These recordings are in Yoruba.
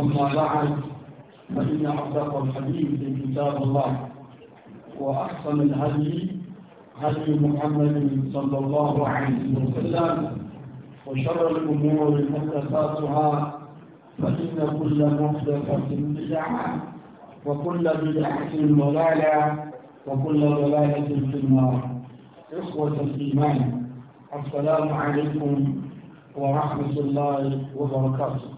أما بعد فإن أصدق الحديث كتاب الله وأحسن الهدي هدي محمد صلى الله عليه وسلم وشر الأمور محدثاتها فإن كل محدثة بدعة وكل بدعة ضلالة وكل ضلالة في النار إخوة الإيمان السلام عليكم ورحمة الله وبركاته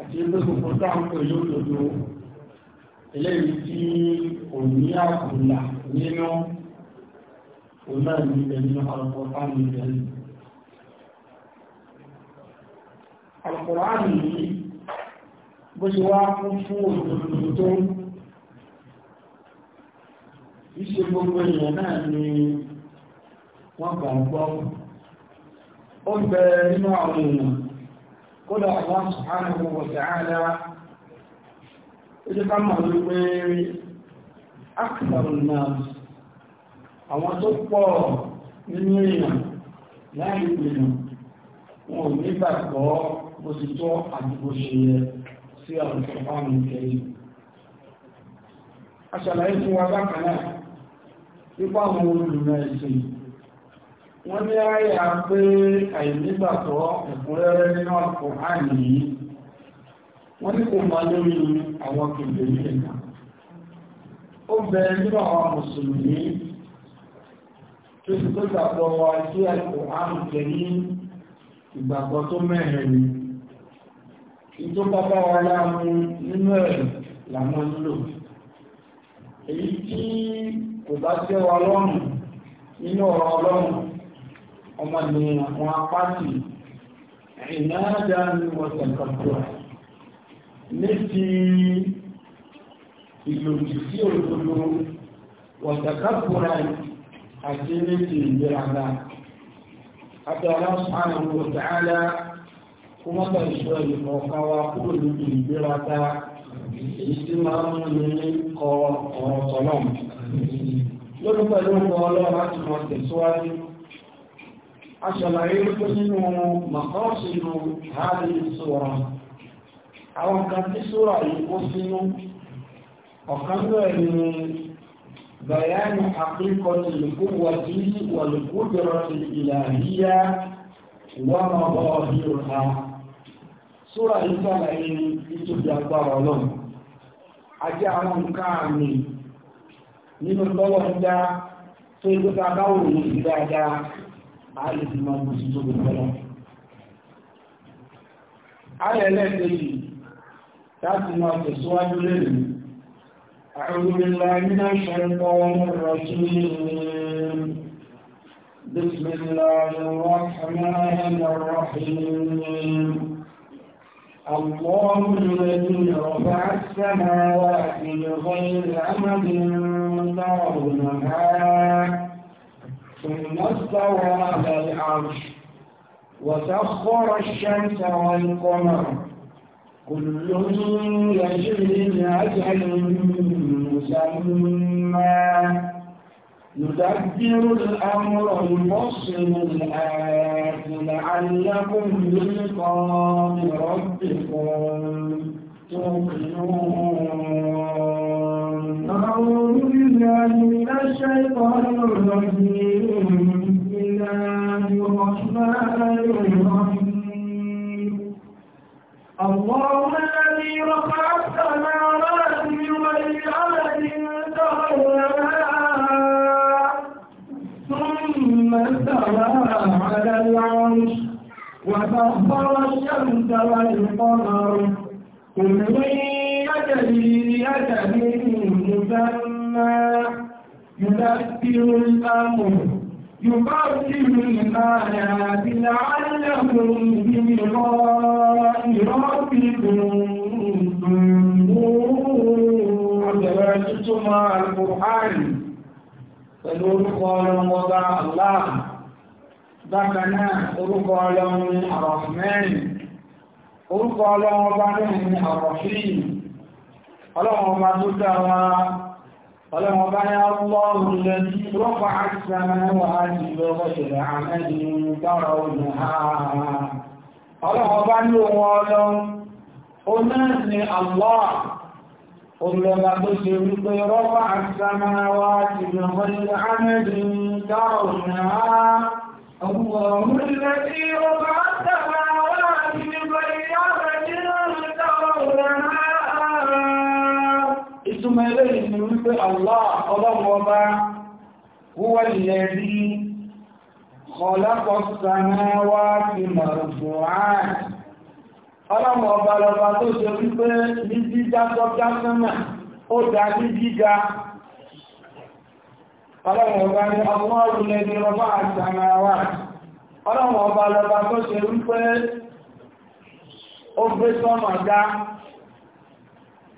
àti olóògùn táwọn pè lódodo eléyìí tí kò ní àkùnlà nínú òun náà nínú ọ̀pọ̀ fáwọn ibẹ̀ yìí. Àlùkùránì yìí bó ṣe wá kún fún òdodo tó ń gbogbo èèyàn náà ni wọ́n gbà ń gbọ́. kódà Allah subhanahu wa ta'ala ó jẹ́ ká mọ̀ wípé akẹ́kọ̀ọ́ náà àwọn tó pọ̀ nínú èèyàn láàrin èèyàn wọn ò nígbàgbọ́ bó ti tọ́ àti ṣe yẹ sí àwọn ìfọ̀fáàmù kẹrin aṣàlàyé wọ́n ní a pé àìnígbàtọ́ ẹ̀kúnrẹ́rẹ́ nínú Al-Qur'an yìí wọ́n ní kò máa lórí àwọn kèbèrè ẹ̀nà ó bẹ nínú àwọn mùsùlùmí tó sì tó gbàgbọ́ wa sí Al-Qur'an kẹrí ìgbàgbọ́ tó mẹ́rin bàbá nínú ọmọ ni wọn apáàtì ìnáàdá ni wọ́n tẹ̀kọ̀tọ̀ ní ti ìlòdì sí òdodo wọ́n tẹ̀kọ̀tọ̀ àti ní ti ìgbéraga àtàrà subhanahu wa ta'ala kó wọ́n tẹ̀ ìṣọ́ ìkọ̀ọ̀kan wa kúrò ní ìgbéraga èyí tí máa ń mú ní kọ ọ̀rọ̀ tọ̀lọ́m lórí pẹ̀lú ọkọ̀ ọlọ́run láti mọ̀ tẹ̀síwájú aṣàlàyé lókó nínú màkọ́sínú hàrí sọ́ra àwọn kan tí sọ́ra yìí kó sínú ọ̀kan bẹ̀rẹ̀ ni bayani àkíkọtí lùkúwàtí wà lùkúdọ̀rọ̀tì ìlàhíyá wà mọ́bọ̀ ọdún ha sọ́ra yìí sàlàyé ìtòbí agbára ọlọ́run ajé àwọn nǹkan àmì nínú lọ́wọ́ ń dá tó ìgbésà báwò ní ìdáadáa ààrẹ ti máa bú sí tóbi pẹ́lá. ààrẹ ẹlẹ́ẹ̀kejì láti máa tẹ̀síwájú lẹ́nu أعوذ بالله من الشيطان الرجيم بسم الله الرحمن الرحيم الله الذي رفع السماوات بغير أمد ترونها ثم استوى على العرش وسخر الشمس والقمر كل يجري لأجل مسمى يدبر الأمر يفصل الآيات لعلكم بلقاء ربكم توقنون بالله من الشيطان الرجيم بسم الله الرحمن الرحيم الله الذي رفع السماوات بغير عمد ترونها ثم استوى على العرش وسخر الشمس والقمر كل يجري لأجل مسمى السماء يدبر الأمر يبرر الآيات لعلهم بلقاء ربهم Àjọ̀rọ̀ Al-Qur'ani pẹ̀lú orúkọ ọlọ́run ọba Allah, bákan náà orúkọ ọlọ́run Ar-Rahman, orúkọ ọlọ́run ọba náà ni Ar-Rahim, ọlọ́run ọba tó dá wa ولما بنى الله الذي رفع السماوات بغير عمد ترونها ولما بنى الله onáàni Allah olùlọ́gbà tó ṣe wípé rọ́pà àtìsàmáwá ti gbọmọlẹ̀ ahmedin dáwọn náà ọgbọ̀n orílẹ̀-èdè rọ́pà àtàkì ìtumọ̀ eléyìí ni wípé Allah ọlọ́run ọba wúwọ́ ilẹ̀ rí ọlọ́pọ̀ sanáwá ti mọ̀rùn-ún ọlọ́run ọba lọba tó ṣe wípé ní jíjá tó já sánmà ó dá ní jíjá ọlọ́run ọba ní ọlọ́run lẹ́ni ọba àtàmàwà gbé sọ́mọ̀ dá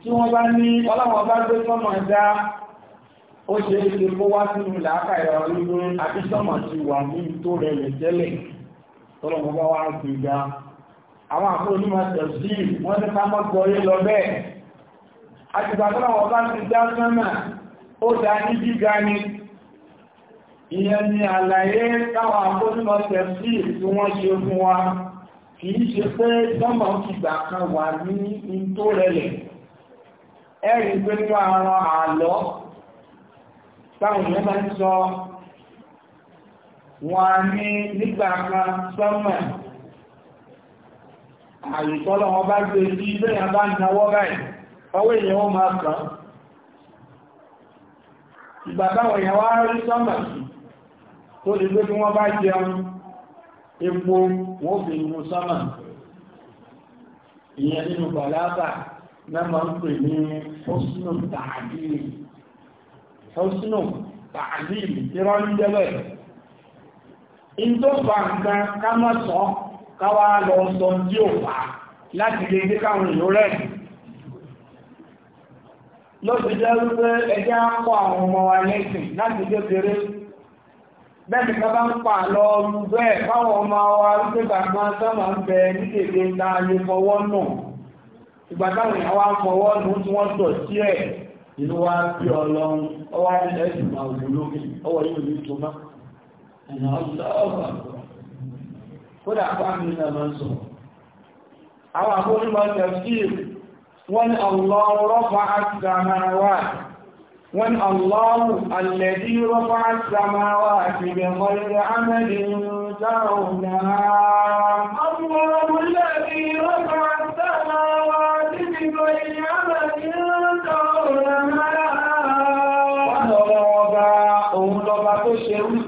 tí wọ́n bá ní ọlọ́wọ́n bá gbé sọ́mọ̀ dá ó ṣe é ṣe kó wá sínú làákà ìrọ̀ nínú àti sọ́mọ̀ ti wà ní tó rẹlẹ̀ tẹ́lẹ̀ tọ́lọ́wọ́n bá wá gbé ga àwọn àpò onímọ̀ tẹ̀sí wọ́n ní ká mọ́gbọ́ yé lọ bẹ́ẹ̀ àtìgbà tọ́lọ́wọ́n bá ti dá sọ́mà ó dá ní gíga ni ìyẹn ni àlàyé káwọn àpò onímọ̀ tẹ̀sí tí wọ́n ṣe fún wa kì í ṣe pé sọ́mọ̀ ti gbà kan wà ní tó rẹlẹ̀ ẹ̀rì pé nínú àwọn àlọ́ táwọn èèyàn bá ń sọ wọn a ní nígbà kan sọ́mọ̀ àyùtọ́lọ́ wọn bá gbé sí ilé yẹn bá ń nawọ́ báyìí ọwọ́ èèyàn ó máa kàn ìgbà táwọn èèyàn wá rí sọ́mọ̀ sí tó lè gbé bí wọ́n bá jẹun epo wọ́n fi mú sọ́mọ̀ ìyẹn nínú bàlábà náà máa ń pè ní hosnú tààdìrì hosnú tààdìrì irọ́ ń jẹ́bẹ̀ ìtọ́fà nǹkan ká mọ́ sọ káwà lọ sọ tí ó fà láti lè gbé káwọn ìlú rẹ̀ lọ́sí jẹ́ wípé ẹjẹ́ á pọ̀ àwọn ọmọ wa lẹ́sìn láti kékeré bẹ́ẹ̀ni ká bá ń pa lọ bẹ́ẹ̀ fáwọn ọmọ wa wípé bàbá sọ́mà ń bẹ ní kéde ta lè fọwọ́ náà ìgbà táwọn èèyàn wá fọwọ́ nù tí wọ́n tọ̀ sí ẹ̀ ìlú wa bí ọlọ́run ọwọ́ ní ẹ̀sìn máa wù lókè ọwọ́ yóò ní tó má ẹ̀nà ọlọ́ọ̀bà kódà fáàmì náà máa ń sọ àwọn àkójúmọ̀ tẹ̀síìr wọ́n ni ọlọ́run rọ́fà àtìsàmáwà wọ́n ni ọlọ́run alẹ́dí rọ́fà àtìsàmáwà àti ìgbẹ̀mọ̀ ilẹ̀ amẹ́lẹ̀ ń dáhùn náà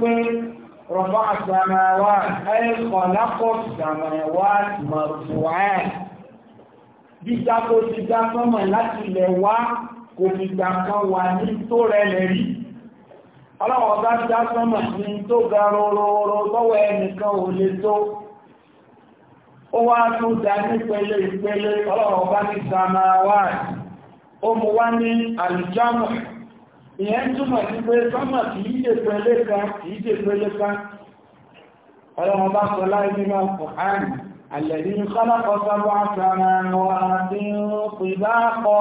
pé rọ̀bá àtàmàwà ẹ̀kọ́ lápọ̀ àtàmàwà mọ̀rùwà dídá tó ti dá sọ́mọ̀ láti ilẹ̀ wá kò fi gbà kan wà ní tó rẹlẹ̀ rí ọlọ́wọ́ bá dá sọ́mọ̀ ní tó ga rororo lọ́wọ́ ẹnìkan ò lè tó ó wá tó dá ní pẹ̀lẹ́ ìpẹ̀lẹ́ ọlọ́wọ́ bá ní sàmàwà ó mú wá ìyẹn túnmọ̀ sí pé sọ́mà kì í ṣe pẹ̀lẹ́ kan kì í ṣe pẹ̀lẹ́ kan ọlọ́run bá sọ láì nínú ọkùnrin àlẹ́rí kọ́lọ́kọ́ sọ́bọ́ àtàrà àwọn àti pìbákọ́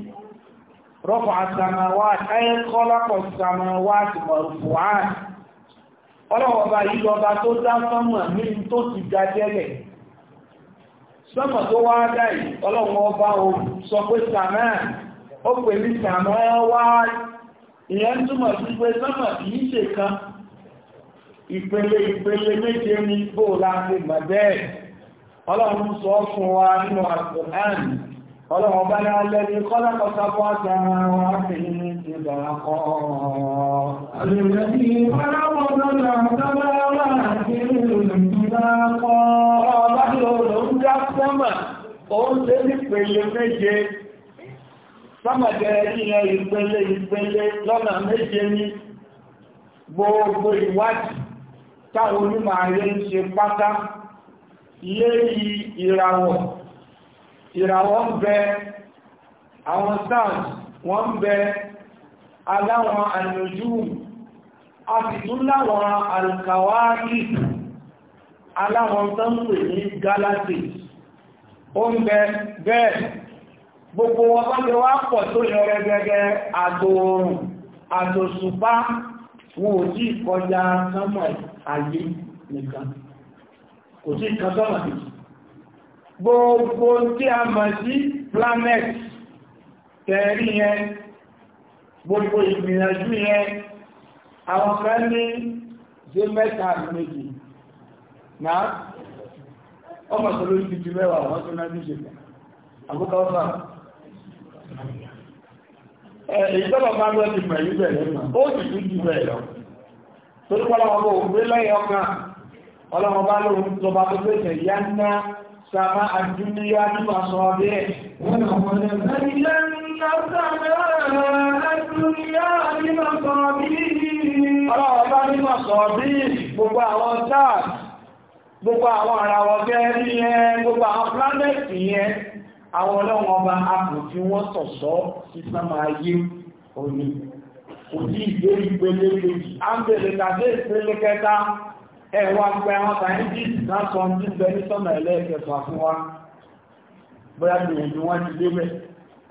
rọ́pọ̀ àtàmàwàtí ayé kọ́lápọ̀ sàmàwàtí mọ̀rùfùwàá ọlọ́wọ̀ bá yìí lọba tó dá sánmà ní tó ti ga jẹ́lẹ̀ tó wá dá yìí ọlọ́wọ̀ bá o sọ pé sàmà ó pè ní sàmà wá ìyẹn túmọ̀ ọlọ́run sọ ربنا الذي خلق سبع سماوات طباقا الذي خلق سبع سماوات طباقا Ọlọ́run ló ń ní gbogbo ìwádìí táwọn onímọ̀ ń ṣe pátá ìràwọ̀. ìràwọ̀ ń bẹ àwọn stars wọ́n ń bẹ aláwọn ànìyànjú a sì tún láwọn alkawari aláwọn tó ń pè ní galaxies ó ń bẹ bẹ́ẹ̀ gbogbo wọn wá pọ̀ tó yọ rẹ̀gẹ́gẹ́ àtòòrùn àtòṣùpá wọn ò tí kọjá sánmọ̀ ayé nìkan kò tí kan sánmọ̀ gbogbo tí a mọ̀ sí planet tẹ̀rí yẹn gbogbo ìgbìyànjú yẹn àwọn kan ní jẹ́ mẹ́ta méjì náà ọmọ sọ́lọ́ ti ju mẹ́wàá wọ́n tó náà méjì àkókò ọ̀fà ìjọba máa lọ ti pẹ̀lú bẹ̀rẹ̀ náà ó sì tún jù bẹ̀rẹ̀ lọ torípọ́lọ́wọ́ bó gbé lẹ́yìn ọkàn ọlọ́wọ́ bá lóhun tó bá tó fẹ́ sàmà àdúnyá nípa sọ abẹ́ ẹ̀. Wọ́n àwọn ọ̀nà ilẹ̀ ńlá sàmà àdúnyá nípa sọ bí i. Ọlọ́wọ́ bá nípa sọ bí i gbogbo àwọn táà, gbogbo àwọn àràwọ̀ gẹ́rí yẹn, gbogbo àwọn plánẹ̀tì yẹn, àwọn ọlọ́wọ́ bá apò tí wọ́n sọ̀sọ́ sí sàmà ayé òní. Òní ìgbé ìgbélé kejì, á ń bèèrè tàbí ìpele kẹta ẹ̀wà pẹ àwọn sàíjìsì náà sọ ní bẹ ní sọ́nà ẹlẹ́ẹ̀kẹfà fún wa bóyá gbìyànjú wọn ti lébẹ̀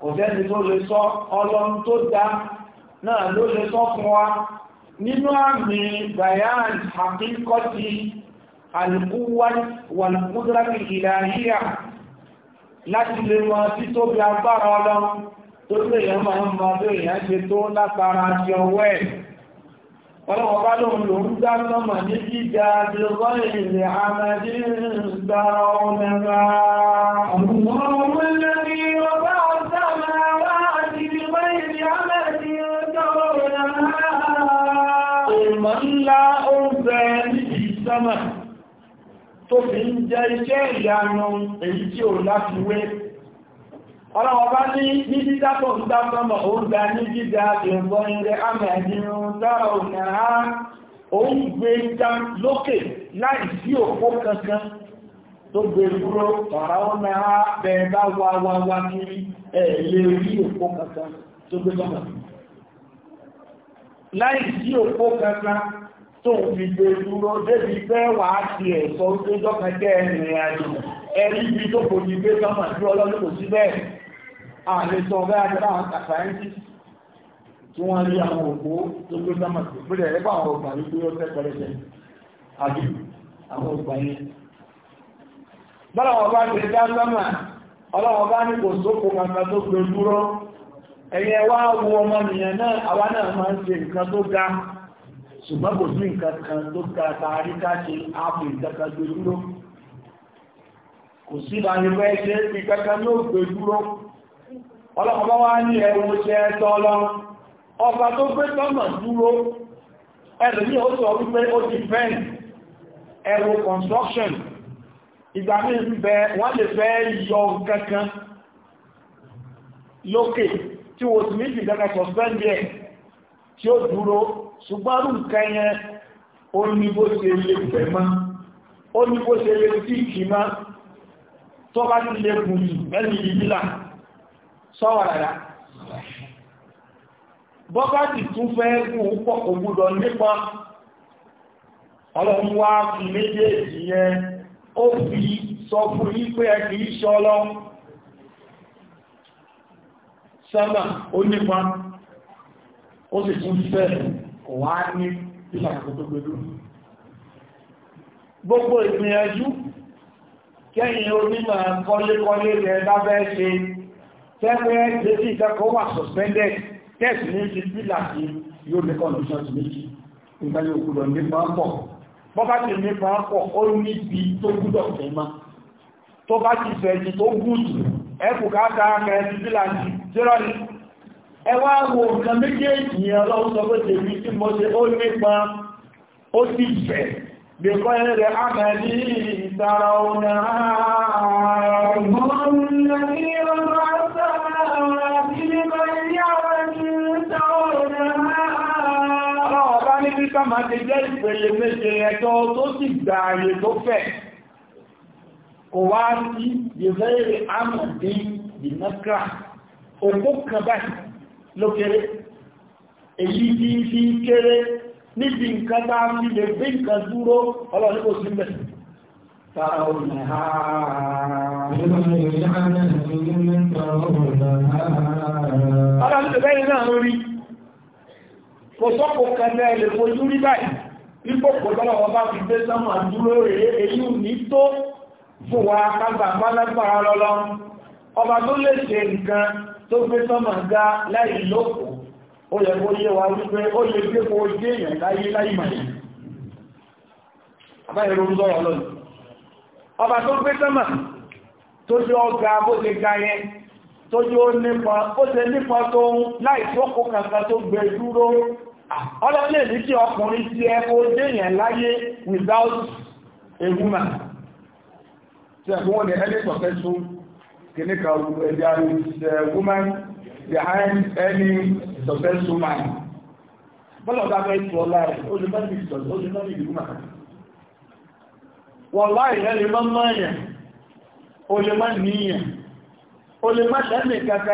kò sẹ́ni tó lè sọ ọlọ́run tó dá náà ló lè sọ fún wa nínú àmì bayan àkíkọ́tì alìkúwàn wàlùkúdúrákì ìlàhíyà láti lè mọ títóbi agbára ọlọ́run tó lè yẹn máa ń mọ bí èèyàn ṣe tó látara ti ọwọ́ ẹ̀ ọlọ́wọ́ bá lóun ló dá sọ́mọ̀ ní gíga bí àmàdí ń ọmọ tó fi ń jẹ iṣẹ́ ìyanu èyí tí ò láfiwé ọlọ́wọ́ bá ní ní dídá tó ní dídá ìrìnbọn ilẹ̀ amẹ́dínrún gbé lókè tó gbé bá wà wà fi gbé dúró débi fẹ́ ti ẹ̀rìn àjò ẹ̀rí ibi tó kò ní gbé sí sí bẹ́ẹ̀ àlè sọ bẹ́ẹ̀ àjọra àwọn àkàyẹ́ntì tí wọ́n rí àwọn òpó tó ló dámà sí pé àwọn ọgbà wípé ó tẹ́ pẹ̀lẹ́sẹ̀ àbí àwọn ọgbà yẹn bọ́lá bá sámà bá ní kò sókò tó gbé dúró ẹ̀yẹ wá wo ọmọ náà ga ṣùgbọ́n kò sí ga tààrí ààbò gbé dúró kò sí ṣe gbé dúró ọlọ́pàá wá ní ẹwọ ṣe ẹ̀tọ́ ọlọ́run ọba tó gbé tọ́nà dúró ẹ̀rẹ̀ ní ó wípé ó ti fẹ́ ẹwọ construction ìgbà mí ń bẹ wọ́n lè fẹ́ yọ kankan lókè tí wò sí méjì kankan suspend yẹ tí ó dúró ṣùgbọ́n nǹkan yẹn ó ní bó ṣe lè fẹ́ mọ́ ó ní tó bá ti lè gùn mẹ́rin ìbílà sọ́wọ́ rárá bọ́bátì tún fẹ́ gùn pọ̀ kò gbúdọ̀ nípa ọlọ́run wá fi méjèèjì yẹn ó fi sọ fún yí pé ẹ kìí ṣọ́ ọlọ́run sábà ó nípa ó sì tún fẹ́ wá ní ìlànà tó gbẹ̀lú gbogbo ìgbìyànjú kẹ́yìn onímọ̀ kọ́lékọ́lé rẹ̀ lábẹ́ ṣe tẹ́lẹ̀ jẹ́sí ìkẹ́kọ̀ọ́ wà suspended tẹ́ẹ̀sì ní ti bí láti yóò ní conditions méjì ìgbàlẹ̀ òkúdọ̀ nípa pọ̀ bọ́ bá ti nípa pọ̀ ó níbi tó gúdọ̀ fẹ́má tó bá ti fẹ̀ẹ̀sì tó gúdù ẹkù káàkà kẹrẹsì bí láti jẹ́rọ ni ẹ wá wo nǹkan méjèèjì yẹn lọ́wọ́ sọ pé tèmi tí mo ṣe ó nípa ó ti ẹ̀rẹ̀ àmàlí ìtara ọ̀nà ààrùn kámà ti jẹ́ ìpele méje ẹjọ́ tó sì gbà ààyè tó fẹ̀ kò wá sí ìrẹ́rẹ̀ amọ̀dé ìnákà òkú kan báyìí èyí tí fi kéré níbi nǹkan bá fi lè gbé nǹkan dúró ọlọ́run kò Ọlọ́run tó náà ń kò sọ́kò kẹta ẹ̀lẹ̀ fojú rí báyìí ipò kò lọ́wọ́ wọn bá fi gbé sánmà dúró rèé èyí ò ní tó fún wa kágbà pálágbára lọ́lọ́ ọba tó lè ṣe nǹkan tó gbé sánmà ga láì lóko ó yẹ kó yé wa wípé ó lè gbé kó dé èèyàn láyé láì mà yìí àbáyé ronú sọ̀rọ̀ lọ́nà ọba tó gbé sánmà tó jẹ́ ọgá bó ṣe ga yẹn tó jẹ́ ó nípa ó ṣe nípa tó láì tó kó tó gbé dúró Ọlọ́run lè ní kí ọkùnrin tí ẹ kó déyàn láyé without a woman tí ẹ̀kún wọ́n ni ẹni successful kìníkà there is a woman behind any successful man bọ́lọ̀ bá fẹ́ tí ọlá rẹ̀ ó lè mẹ́rin ìtọ̀lẹ̀ ó lè mẹ́rin ìlú màkà wọ́n láì rẹ̀ lè mọ́ mọ́yàn ó lè mọ́ níyàn ó lè mọ́ sẹ́mì kàkà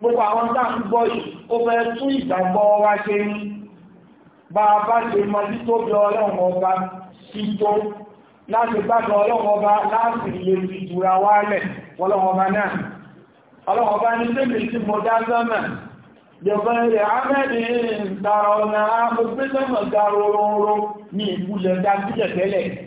gbogbo àwọn dáàbùgbọ́ yìí ó fẹ́ tún ìgbàgbọ́ wá ṣe ní bá a bá ṣe mọ sí tó bí ọlọ́run ọba sí tó láti gbàgbọ́ ọlọ́run ọba láti lè fi ìtura wálẹ̀ ọlọ́run ọba náà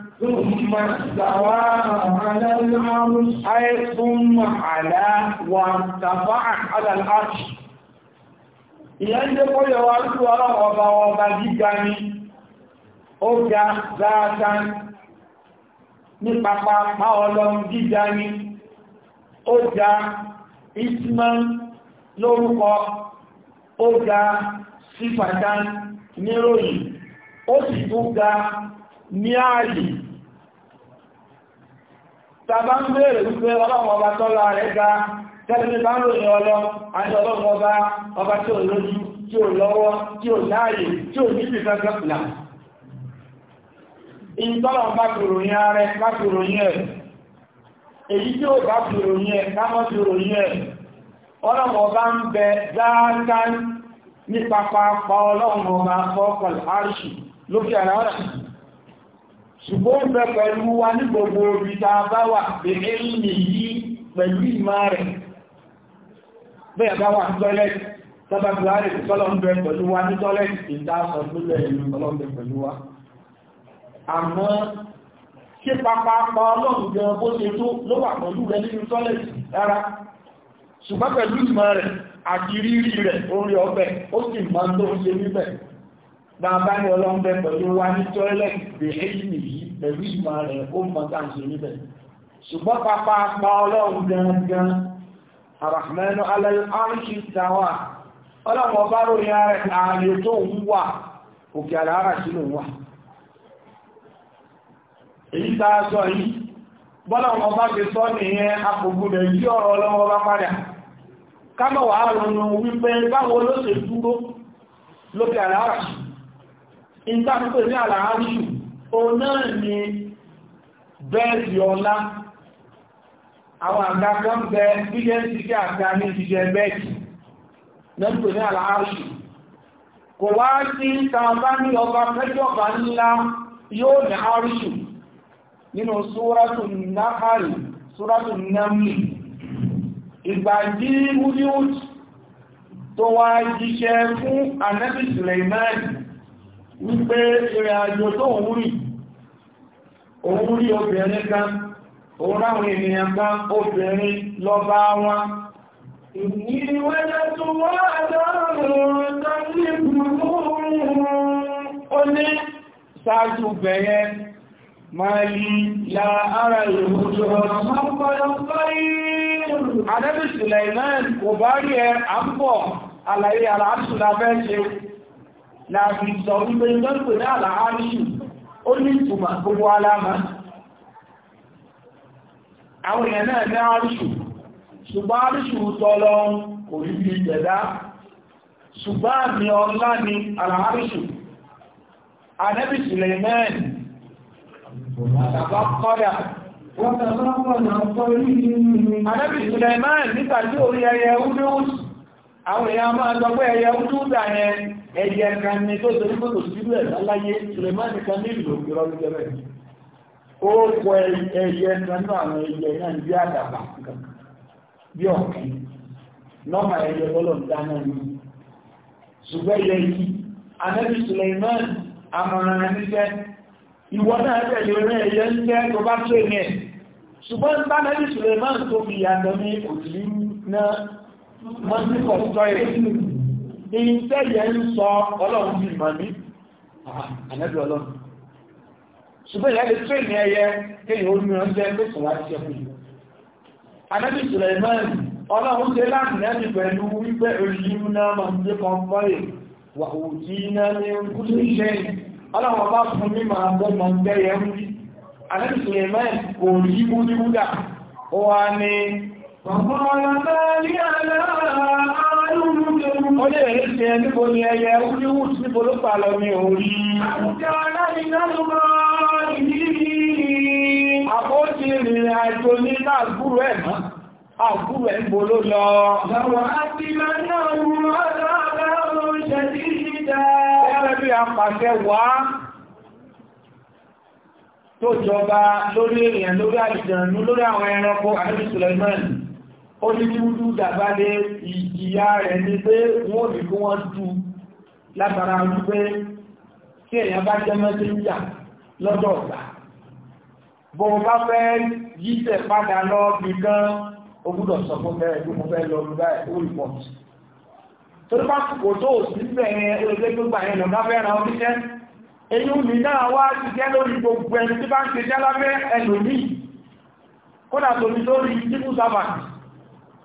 ثم استوى على العرش أي على وارتفع على العرش ìyẹn jẹ́ kó yẹ wá sí ọlọ́wọ́ ọba ọba gíga ni ó ga dáadáa ní pàpà pa ọlọ́run gíga ni ó ga lórúkọ ó ga sífàdán níròyìn ó sì tún ga ní ààyè tàbá ń bèèrè wípé ọlọ́run ọba tọ́lá ga tẹ́lẹ̀ bá ń ròyìn ọlọ́ àti ọlọ́run ọba ọba tí ò lójú tí ò lọ́wọ́ tí ò láàyè tí ò níbi ìtọ́lọ̀ bá ààrẹ bá ẹ̀ èyí tí ó bá ṣùgbọ́n ó bẹ pẹ̀lú wa ní gbogbo orí ta bá wà bèèrè ìmì yìí pẹ̀lú ìmá rẹ̀ bẹ́ẹ̀ bá wà tọ́lẹ̀tì tọ́bàtìláàrì tọ́lọ́mbẹ̀ pẹ̀lú wa ní tọ́lẹ̀tì ìdásọ̀ nílẹ̀ ìlú tọ́lọ́mbẹ̀ pẹ̀lú wa àmọ́ ṣe pàpàpà ọlọ́run gan bó ṣe tó ló wà pẹ̀lú rẹ̀ nínú tọ́lẹ̀tì rárá bàbá ní ọlọ́m̀bẹ pẹ̀lú wa ní toilet the hemi yìí pẹ̀lú ìmọ̀ rẹ̀ ó mọ̀ tá à ń ṣe níbẹ̀ ṣùgbọ́n pápá pa ọlọ́run gangan arahmanu alayi arṣi tawa ọlọ́run ọba ròyìn ààrẹ tó ń wà òkè àlàárà sí èyí tá sọ yìí bọ́lọ̀wọ̀n ọba ti sọ nìyẹn apògbùdẹ̀ yí ọ̀rọ̀ ọlọ́wọ́ bá padà kámọ̀wàá ronú wípé báwo ló lókè àlàárà ìtàkùn ní àlàáríṣù o náà ni bẹ́ẹ̀sì ọlá àwọn àga kan bẹ bílẹ̀sì kí àga ní ìjẹ bẹ́ẹ̀kì lẹ́pẹ̀ ní àlàáríṣù kò wá sí tàbá ní ọba pẹ́jọba ńlá yóò ní àríṣù nínú súrátù náhàrì súrátù námì ìgbà jí wúdíwúdí tó wá jíṣẹ́ fún anẹ́bì Sùlẹ̀mánì wípé ìrìn àjò tó ń rí òun rí obìnrin kan òun ráwọn ènìyàn kan obìnrin lọ bá wọn ìníwẹ́lẹ́ tó wá àdọ́rùn-ún tó ní gbùgbùrùn-ún ó ní sáájú bẹ̀yẹ máa lè la ara ìrùjọ Adébìsìlẹ̀ ìmẹ́ kò bá rí ẹ àmbọ̀ àlàyé àlàáṣùlà fẹ́ láti sọ wípé ìjọ́pẹ̀ ní àlàáríṣù ó ní ìtumà gbogbo aláma àwọn èèyàn náà ní àríṣù ṣùgbọ́n àríṣù tọ́lọ kò rí bí ìjẹ̀dá ṣùgbọ́n àmì ọlá ni àlàáríṣù anẹ́bì Suleiman àtàkọ́dà anẹ́bì Suleiman nígbàtí orí ẹyẹ udus àwọn èèyàn máa sọ pé ẹyẹ udus dà yẹn ẹ̀yẹ kan ní tó ṣe nígbò tó sílú ẹ̀ láláyé Sulemani kan nílò ìrọ̀lẹ́jẹ́ rẹ̀ ó kọ ẹ̀yẹ kan náà àwọn ẹ̀yẹ náà bí àdàbà bí ọ̀kan nọ́mà ẹ̀yẹ bọ́lọ̀ ń dáná ní ṣùgbẹ́ ẹ̀yẹ yìí Ànábì Sulemani àmọ̀ràn níṣẹ́ ìwọ náà tẹ̀lé rẹ̀ ẹ̀yẹ ń jẹ́ tó bá tó ẹ̀yẹ ṣùgbọ́n Ànábì Sulemani tó fi yàtọ̀ ní òtí náà mọ́ ìṣẹ́ yẹ ń sọ ọlọ́run bí ìmọ̀ ní ànẹ́bí ọlọ́run ṣùgbọ́n ìyá lè tó ìní ẹyẹ kéyìn omi ọjọ́ pé kò wá ṣe fún yìí ànẹ́bí ìṣẹ̀lẹ̀ mẹ́rin ọlọ́run ṣe láti nẹ́bí pẹ̀lú wípé olùyìn náà máa ń dé kan fọ́yè wà òjì iná ní kúlé iṣẹ́ ọlọ́run bá fún mi máa bọ́ mọ́ gbẹ́yẹ ń rí ànẹ́bí ìṣẹ̀lẹ̀ mẹ́rin kò rí wúdíwúdà ó wá ní Ó lè rí ṣe níbo ni ẹyẹ oríwú síbò ló pàlọ ní orí. Àkóòtí ìrìn àjò ní láàgbúrú ẹ̀ mọ́, àgbúrú ẹ̀ ń bo ló lọ. Àwọn àti máa náà wọ́n láàárọ̀ ìṣẹ́jú ìdá. Ẹgbẹ́ bí a pàṣẹ wá tó jọba lórí èèyàn lórí àjìjànú lórí àwọn ẹranko àdúgbò Suleiman ó ní kí wúdú dàbálé ìyá rẹ̀ ní pé wọ́n ní kí wọ́n tú látara wípé tí èèyàn bá jẹ́ mẹ́sẹ̀ ń jà lọ́dọ̀ ọ̀gbà bó o bá fẹ́ yíṣẹ̀ padà lọ bí gan o gbúdọ̀ sọ fún bẹ́ẹ̀ bí mo fẹ́ lọ lù báyìí ó rìpọ̀tì torí bá kò tó sí bẹ̀rẹ̀ olóògbé gbogbo àyẹ̀ lọ́gbà fẹ́ràn oníṣẹ́ èyí mi náà wá ti jẹ́ lórí gbogbo ẹni tí bá ń ṣe jẹ́ lábẹ́ ẹlòmíì kódà tòmí lórí civil servant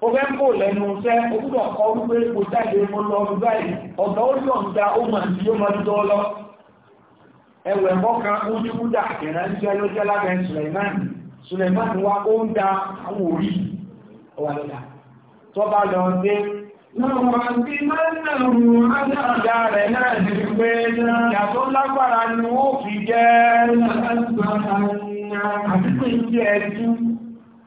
ó fẹ́ kó lẹ́nu iṣẹ́ ó gbúdọ̀ kọ́ wípé kò jáde mo lọ ọdún báyìí ọ̀dọ́ ó yọ̀ ń da ó mà ní ó máa dúdọ́ lọ ẹwẹ̀ mọ́kan ó ní kúdà ìrànṣẹ́ ló jẹ́ lábẹ́ Suleiman Suleiman wa ó ń da àwọn orí ọwà lọ́dà tó bá lọ dé Lọ́wọ́ àti mẹ́rin àjá rẹ̀ náà ti pé yàtọ̀ lágbára ni ó fi jẹ́ àti pé jẹ́ ẹjú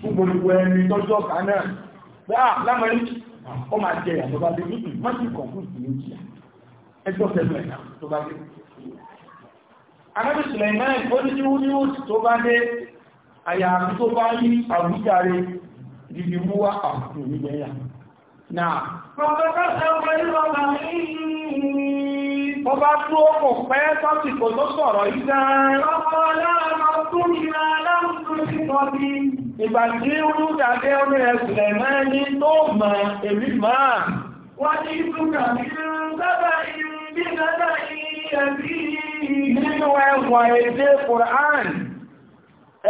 fún gbogbo ẹni tọ́jọ́ kan pé à ah, lámọ́rí ó máa jẹ ìyàtọ̀ bá dé nítorí má sì kàn fún ìjìyà ẹjọ́ fẹ́ lọ tó bá dé. Anábì Sùlẹ̀mán bá tó ọkọ̀ pẹ́ sọ́sìkò tó sọ̀rọ̀ ìdáná. Ọkọ̀ láàrín ọdún ìrìn aláàrùn tó ti kọ́ ìgbà tí rúdà dé orí ẹ̀sùlẹ̀ náà ní tó mọ̀ èrí máa wọ́n ní rúdà nínú sábà ìrìnbí sábà ìrìnbí nínú ẹwà èdè Kùrán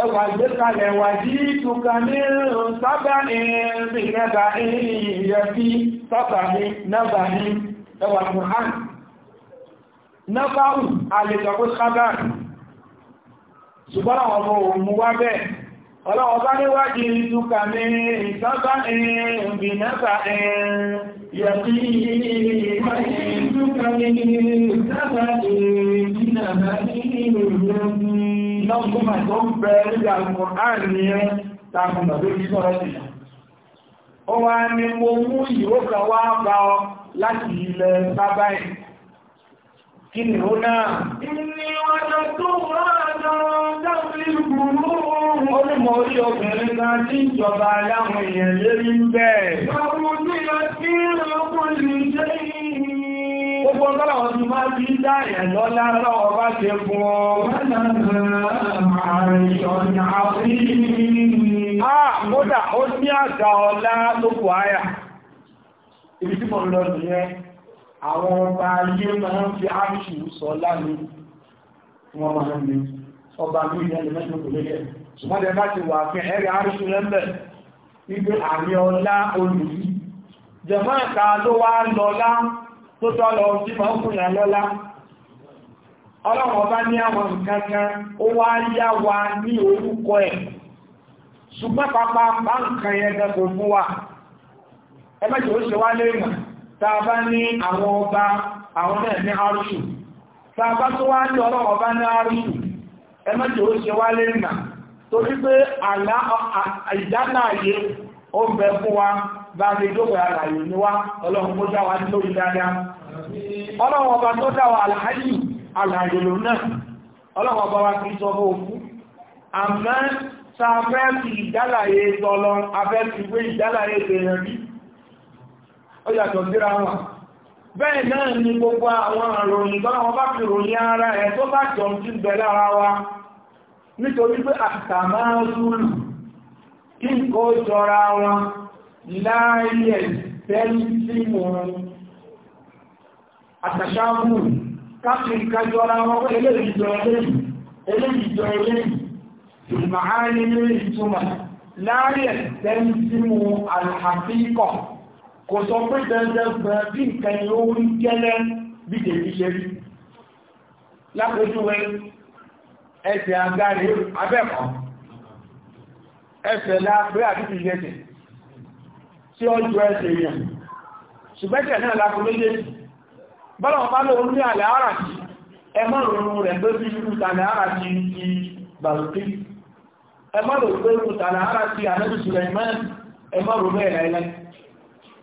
ẹwà ìgbékalẹ̀ wà jí ìtùkà nínú sábà ìrìnbí nẹ́bà ìrìnbí sábà ní nẹ́bà ní ẹwà Kùrán nẹ́bà Ọlọ́run bá níwájí ìtúkà mi ìtọ́bá ìbìnẹ́ta yẹ̀kí ìtúkà mi ìtọ́bá ìbìnẹ́ta Nọ́gbùnmà tó ń bẹ nígbà Kùránì ẹ tàbí ọ̀dọ́ ìṣọ́rọ̀ sí. Ó wá ní mo mú ìwó kan wá bá ọ láti ilẹ̀ sábáyìí kí ni ó náà ní ọjọ́ tó wà Olúmọ̀ orí obìnrin náà tí ìjọba aláwọn èèyàn lérí ń bẹ́ẹ̀. Ọdún tí ó tí ọkùnrin jẹ́ Gbogbo ọ̀tọ́lá wọn ti máa bí dáyẹ̀ lọ́lá lọ́wọ́ bá ṣe fún ọ. Ah, kódà ó ní àgbà ọlá tó kò áyà. Ibi àwọn ọba ayé máa ń fi áṣù sọ láàrin ní ọba ní ilẹ̀ ẹlẹ́mẹ́sìn kò lẹ́yẹ̀ ṣùgbọ́n tẹ bá wà fún ẹ̀rẹ̀ áṣù lẹ́mẹ̀ wípé àmì ọlá olùyí jẹ̀mọ́ ẹ̀ka ló wá lọ́lá tó tọ́ lọ sí lọ́lá ní wa tàbá ní àwọn ọba àwọn náà ní arṣù tàbá tó wá ní ọ̀rọ̀ ọba ní arṣù ẹmọ́jẹ̀ ó ṣe wá lẹ́nà torí pé ìdáná ayé ó ń bẹ fún wa bá lè dókòó àlàyé ní wá ọlọ́run lórí dáadáa tó àlàyé wa ó yàtọ̀ síra wọn bẹ́ẹ̀ náà ni gbogbo àwọn àròyìn tọ́lá wọn bá fi ròyìn ara ẹ̀ tó bá jọ sí lára wa nítorí pé àtìtà máa ń rúlù kí n kó jọra wọn sí kájọra wọn kò sọ pé dandangbọ̀n bí nǹkan ni ó rí gẹ́lẹ́ bí tèmi ṣe rí lápójúwé ẹsẹ̀ agbárí abẹ́kọ̀ ẹsẹ̀ láàpẹ́ àdúgbì lẹ́sẹ̀ tí ó jọ ẹsẹ̀ èèyàn ṣùgbẹ́sẹ̀ náà lápò méjì bọ́lọ̀ bá ló ní àlẹ́ ara ti ẹmọ́ ìrùn rẹ̀ pé bí irú tàlẹ́ ara ti ti bàrùkí ẹmọ́ ìrùn pé irú tàlẹ́ ara ti ànẹ́bìsù rẹ̀ mẹ́ ẹmọ́ ìrùn bẹ́ẹ̀ láìláì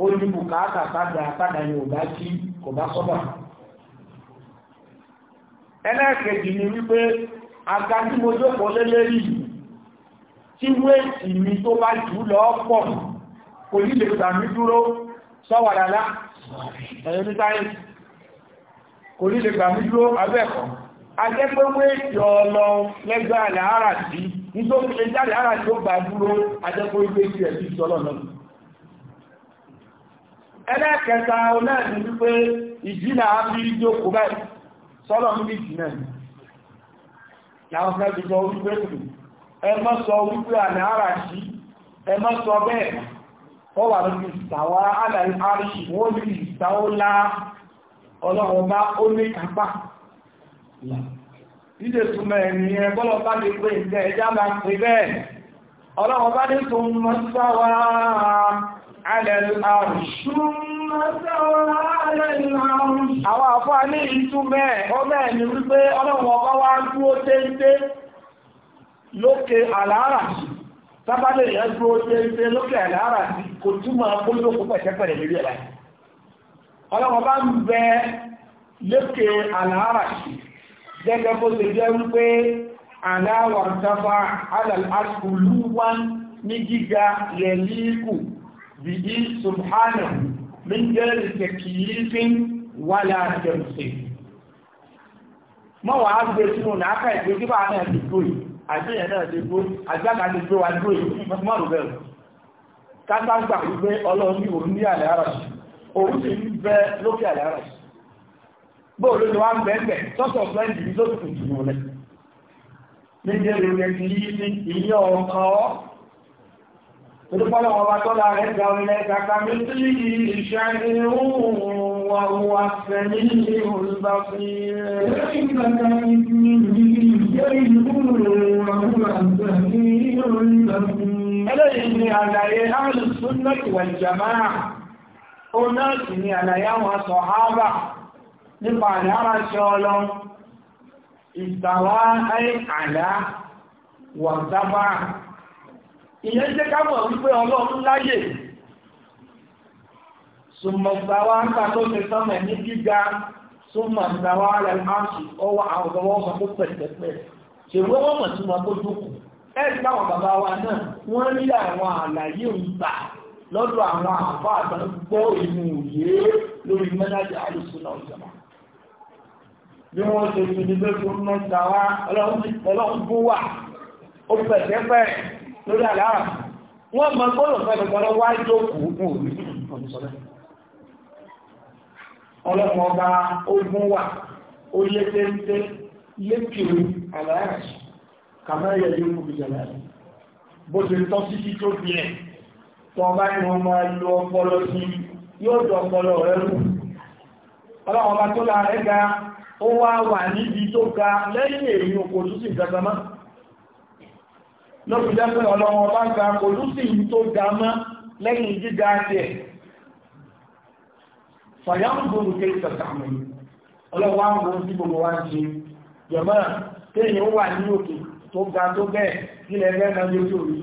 ó ní bùkátà padà padà yóò bá jí kò bá sọ́bà ẹlẹ́ẹ̀kejì ni wípé aga tí mo jókòó lélẹ́rí tí wéètì mi tó bá jù lọ pọ̀ kò ní lè sàmí dúró sọ́wà dáadáa ẹ̀yẹ́ ní sáyẹ́sì kò ní lè gbàmí dúró abẹ́ẹ̀kọ́ ajẹ́pẹ́wé ìjọlọ lẹ́gbẹ́ àlàárà sí nítorí ẹjáde àrà tí ó gbà ẹlẹ́ẹ̀kẹta náà ní wípé ìjìnà bí i jókòó báyìí sọ́lọ̀ ní ìjìnà ní láwọn fẹ́ ti sọ wípé ẹ má sọ wípé àná ara sí ẹ má sọ bẹ́ẹ̀ ó wà lórí ìsàwọ́ alàrí àríṣì wọ́n ní ìsàwọ́ lá ọlọ́run bá ó ní kápá ìdè ní tó mọ́ sáwàá على الأرش ثم استوى على الأرش ọmọ ẹ̀mí wípé ọlọ́wọ́ ọba wá dúró téńté lókè àlàárà sábàlẹ̀ loke dúró téńté lókè àlàárà kò túmọ̀ agbójókòó pẹ̀sẹ̀pẹ̀lẹ̀ lórí ẹ̀rá ọlọ́wọ́ bá ń bihi subhanahu min gẹ́rì tẹ̀kìlífín wàlá àjẹmùsẹ̀. mọ́wàá agbè tí mo náà káì pé kíbà na ti gbó yìí àjẹyàn náà ti gbó àjáka ti gbó wa gbó yìí mọ́rù bẹ̀rù kátà gbà wípé ọlọ́run ní òun ní àlẹ́ ara sí òun sì ń bẹ lókè àlẹ́ ara sí Ìdúpọ́lọ̀ ọba tó láàrẹ ga orílẹ̀ kàkà mí sí ìṣẹ́ ìrún wà wà fẹ̀mí ní olùbá fi rẹ̀. Ìgbàta ìgbìyànjú ìjẹ́ ìlú Eléyìí ni àlàyé Ahlus-Sunnah wal-Jamā'ah, ìyẹn jẹ́ ká mọ̀ wípé ọlọ́run láyè sùmọ̀gbàwá ń ta tó ti sọ́mọ̀ ní gíga sùmọ̀gbàwá rẹ̀ máṣì ọwọ́ àwọn ọ̀gọ́wọ́ ọmọ tó pẹ̀tẹ̀pẹ̀ ṣèwé wọ́n mọ̀ tí wọ́n tó dúkù ẹ̀rí táwọn bàbá wa náà wọ́n rí àwọn àlàyé ń gbà lọ́dọ̀ àwọn àbá àtàn gbọ́ ìmú òye lórí mẹ́nájà àlùsùnà ìjọba bí wọ́n ṣe fi ní pé fún mọ́ta wá ọlọ́run bó wà ó pẹ̀tẹ́pẹ̀ lórí àlàáfà wọ́n mọ gbọ́dọ̀ fẹ́ gbọ́dọ̀ wá jókòó kú ọlọ́pàá ọba ogun wà ó lé téńté lékèrè àlàáfà kàmáyà ọba tó lára ẹ̀ga ó wá wà níbi tó ga lẹ́yìn èyí kò tún sí lọ́pù jẹ́pẹ́ ọlọ́wọ́ bá ga kò lúsì tó ga mọ́ lẹ́yìn jíga jẹ́ fàyàmùgbòrò kí ìtàkàmù ọlọ́wọ́ àwọn tí gbogbo wá ṣe yọ̀mọ́ tẹ́yìn wà ní òkè tó ga tó bẹ́ẹ̀ nílẹ̀ mẹ́ta lójú òní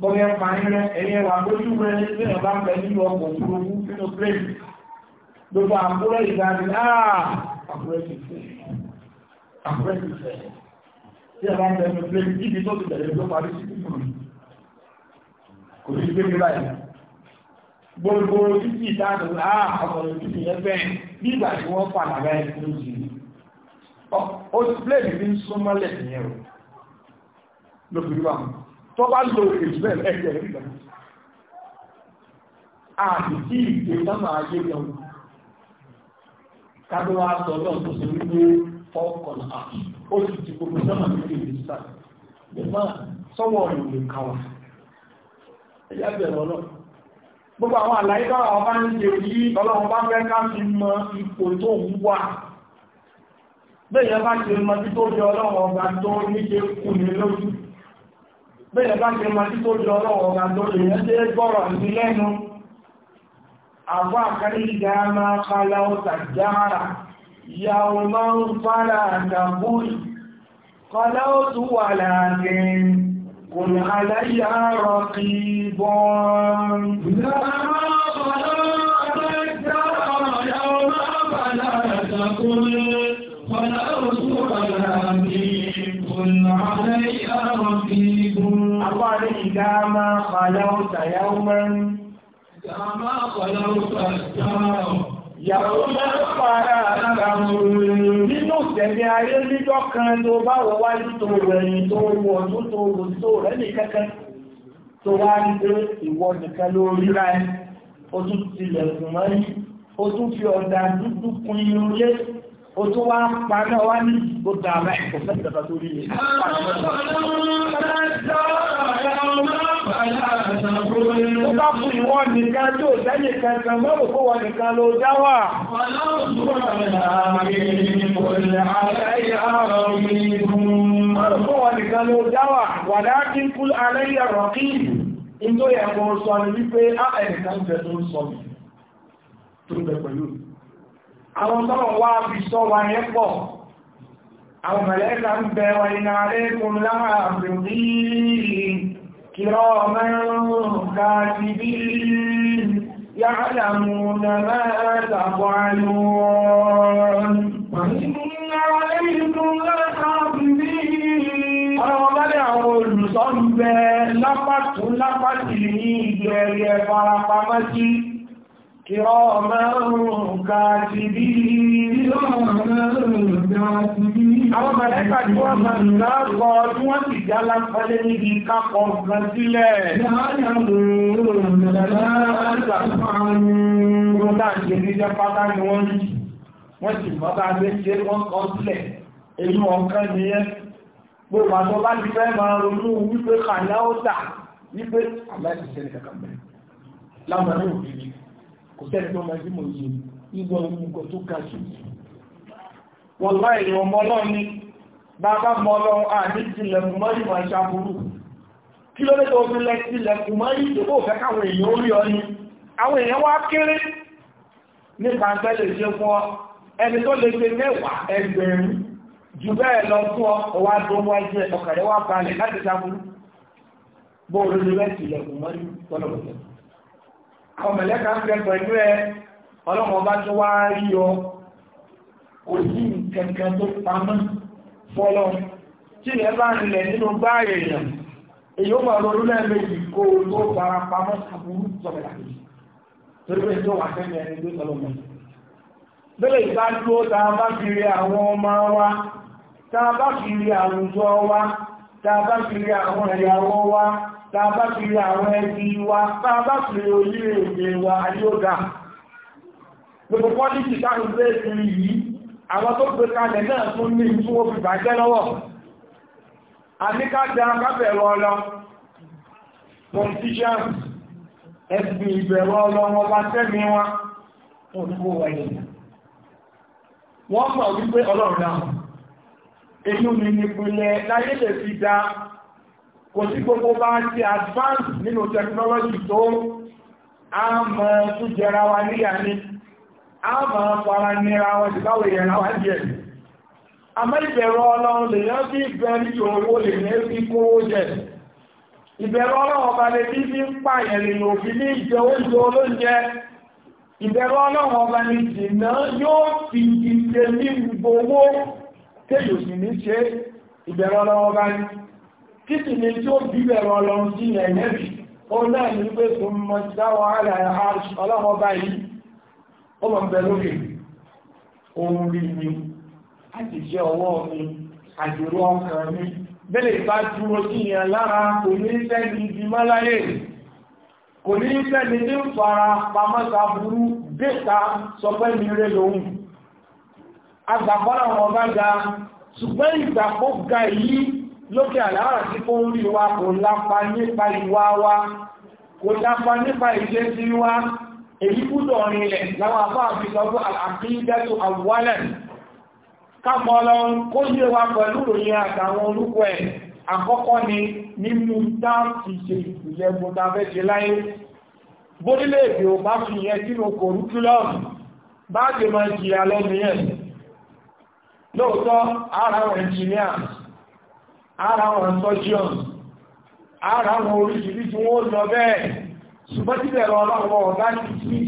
bọ́gẹ́ pààrẹ ẹ̀yẹ wà lójú mẹ́rin tí wọ́n bá ń bẹ nínú ọkọ̀ òfurufú nínú plẹ́ẹ̀nì gbogbo àkúrẹ́ ìgbàdì ah, àà àkúrẹ́ ti fẹ́ àkúrẹ́ ti fẹ́ tí a bá ń tẹnu pé ibi tó ti tẹ̀lé tó parí sí kúrò kò sí pé nígbà yìí gbogbo títí ìdáàdù láà ah, ọkọ̀rọ̀ títí ẹgbẹ́ nígbà tí wọ́n pa nàgbà ẹ̀kú sí ó ti pléèdì ní súnmọ́lẹ̀ nìyẹn o lóbìnrin wa tó bá lo ìjùbẹ̀ ẹ̀jẹ̀ rẹ̀ gbà àti tí ìgbé sọ́nà ayé lọ kábíwá sọ lọ́n ó sì ti gbogbo sọ́nà méjèèjì sá jẹ̀mọ́ sọ́wọ́ ọ̀rọ̀ lè ẹ̀yà bẹ̀rẹ̀ lọ. gbogbo àwọn àlàyé ọba ń ọlọ́run bá fẹ́ ká fi mọ ipò tó ń wà bá tí tó jẹ ọlọ́run ọba tó níṣe kù ní lójú bá mọ tí tó jẹ ọlọ́run ọba tó lè yẹn gbọ́rọ̀ sí يوما فلا تقل قلوت ولكن قل علي رقيب قال إذا ما خلوت يوما إذا ما خلوت الدار Nínú ìṣẹ̀lẹ̀ ayé níjọ́ kan tó bá wọ wájú tó rẹ̀yìn tó wọ tó tó wò tó rẹ̀ ní kẹ́kẹ́ tó wá ní pé ìwọ nìkan ló ríra ẹ, ó tún ti lẹ̀kùn mọ́rí, ó tún fi ọ̀dà dúdú kún inú ilé, ó tún wá paná wá ní gbogbo àmà ẹ̀kọ́ fẹ́ Ó bá fún ìwọ́n nìkan tí ó jẹ́yìn kankan mẹ́rù kó wọ nìkan ló dáwà. Mẹ́rù kó wọ nìkan ló dáwà, kú aláyà rọ̀kí. Indó ẹ̀kọ́ sọ ni wípé á ẹ̀ẹ̀kan tó ń sọ mi. Tó bẹ̀ pẹ̀lú. Àwọn tọ́rọ̀ wá fi sọ wa yẹn pọ̀. Àwọn mẹ̀lẹ́ka ń bẹ wa ìnà alẹ́kùn láàrin كراما كاتبين يعلمون ما تفعلون وإن عليكم لحافظين ọlọ́lẹ́ àwọn olùsọ́ ń bẹ lápàtún lápàtì ní ìgbẹ̀rẹ̀ farapamọ́ sí Ìrọ̀mọ̀ kàtìbí Àwọn mẹ́lẹ́kà tí wọ́n máa ń láàkọ́ tí wọ́n sì já lápẹ́lẹ́ níbi kápọ̀ nǹkan sílẹ̀. Wọ́n sì mọ́ bá gbé ṣe wọ́n kọ́ sílẹ̀, èyí ọ̀kan ni ẹ́. Gbogbo àtọ́ bá ti fẹ́ máa ronú wípé kàyá ó tà wípé àmẹ́sì sẹ́lẹ̀ kàkàmẹ́. Lámọ̀ ní òfin kò sẹ́ni tó máa bí mo yẹ ìgbọ́ nǹkan tó ga jù wọ́n láì ní ọmọ náà ní bàbá mọ́ lọ àní tilẹ̀kùn mọ́rí máa ṣàbúrú kí ló lẹ́tọ̀ omi lẹ tilẹ̀kùn mọ́rí tó bó fẹ́ káwọn èèyàn orí ọ ni àwọn èèyàn wá kéré nípa tẹ́lẹ̀ ṣe fún ọ ẹni tó lè gbé mẹ́wàá ẹgbẹ̀rún jù bẹ́ẹ̀ lọ fún ọ ọwá tó wá jẹ ọkàrẹ́ wá balẹ̀ láti ṣàbúrú bó olóògbé tilẹ̀kùn àwọn mẹ̀lẹ́ka ń gẹ́gbẹ̀ inú ẹ ọlọ́wọ́n bá tó wá rí ọ kò sí nǹkankan tó pamọ́ fọ́lọ́ tí ẹ bá rìnlẹ̀ nínú bá èèyàn èyí ó bá ronú lẹ́ẹ̀mejì kó o tó fara pamọ́ sàbúrú sọ̀rọ̀ wa ta bá fi wa tàbá kiri àwọn ẹ̀yàwó wa tàbá kiri àwọn ẹbí wa tàbá kiri orílẹ̀-èdè wa ayóga gbogbo pọ́lìtì táwọn gbé kiri yìí àwọn tó gbé kalẹ̀ náà tún ní tí wọ́n fi bàjẹ́ lọ́wọ́ àníkájá kábẹ̀rọ ọlọ politicians ẹgbẹ̀ ìbẹ̀rọ ọlọ wọn wọ́n mọ̀ wípé ọlọ́run náà inú mi ní ìpínlẹ̀ láyé lè fi dá kò sí gbogbo bá ti advance nínú technology tó a mọ̀ tó jẹra wa níyà ní a mọ̀ fara nira wọn ti báwẹ̀ yẹra wa jẹ́ àmọ́ ìbẹ̀rọ ọlọ́run lè yán sí ìbẹ̀rẹ̀ owó lè ní sí kówó jẹ ìbẹ̀rọ ọlọ́run ọba lè bí bí ń pààyàn lè lò yóò fi ìjẹ ní gbogbo téèyàn sì ní ṣe ìbẹ̀rù ọlọ́wọ́ bá ní kí sì ní tí ó bí bẹ̀rù ọlọ́run sí ilẹ̀ nẹ́bì ó náà ní pé tó mọ dáwọ́ àlà ọlọ́wọ́ bá yìí ó mọ̀ bẹ lókè ohun rí mi láti jẹ́ ọwọ́ mi àjòrò ọkàn mi bẹ́lẹ̀ bá dúró sí ìyẹn lára kò ní sẹ́ni ibi máláyè kò ní sẹ́ni ní fara pamọ́ta burú déta sọpẹ́ mi rẹ̀ lóhùn agbàkọ́lá wọn bá ga ṣùgbọ́n ìgbàpọ̀ ga yìí lókè àlàárà tí kó ń rí wa kò lápa nípa ìwà wa kò lápa nípa ìṣe sí wa èyí kúdọ̀ rinlẹ̀ láwọn afọ́ àfisọ́gbọ́ àkídẹ́tò àwọ́lẹ̀ kápọ̀lọ kó yé wa pẹ̀lú òyìn àtàwọn orúkọ ẹ̀ àkọ́kọ́ ni nínú dáàtì ṣe ìpìlẹ̀ bọ́tafẹ́ṣe láyé bónílẹ̀ èdè ò bá fi yẹn sínú kòrúkúlọ́ọ̀mù bá ti mọ̀ jìyà lọ́nìyàn lóòótọ́ ara àwọn engineers ara àwọn surgeons ara àwọn oríṣiríṣi wọ́n lọ bẹ́ẹ̀ ṣùgbọ́n tí bẹ̀rẹ̀ ọlọ́wọ́ ọ̀dá ti sí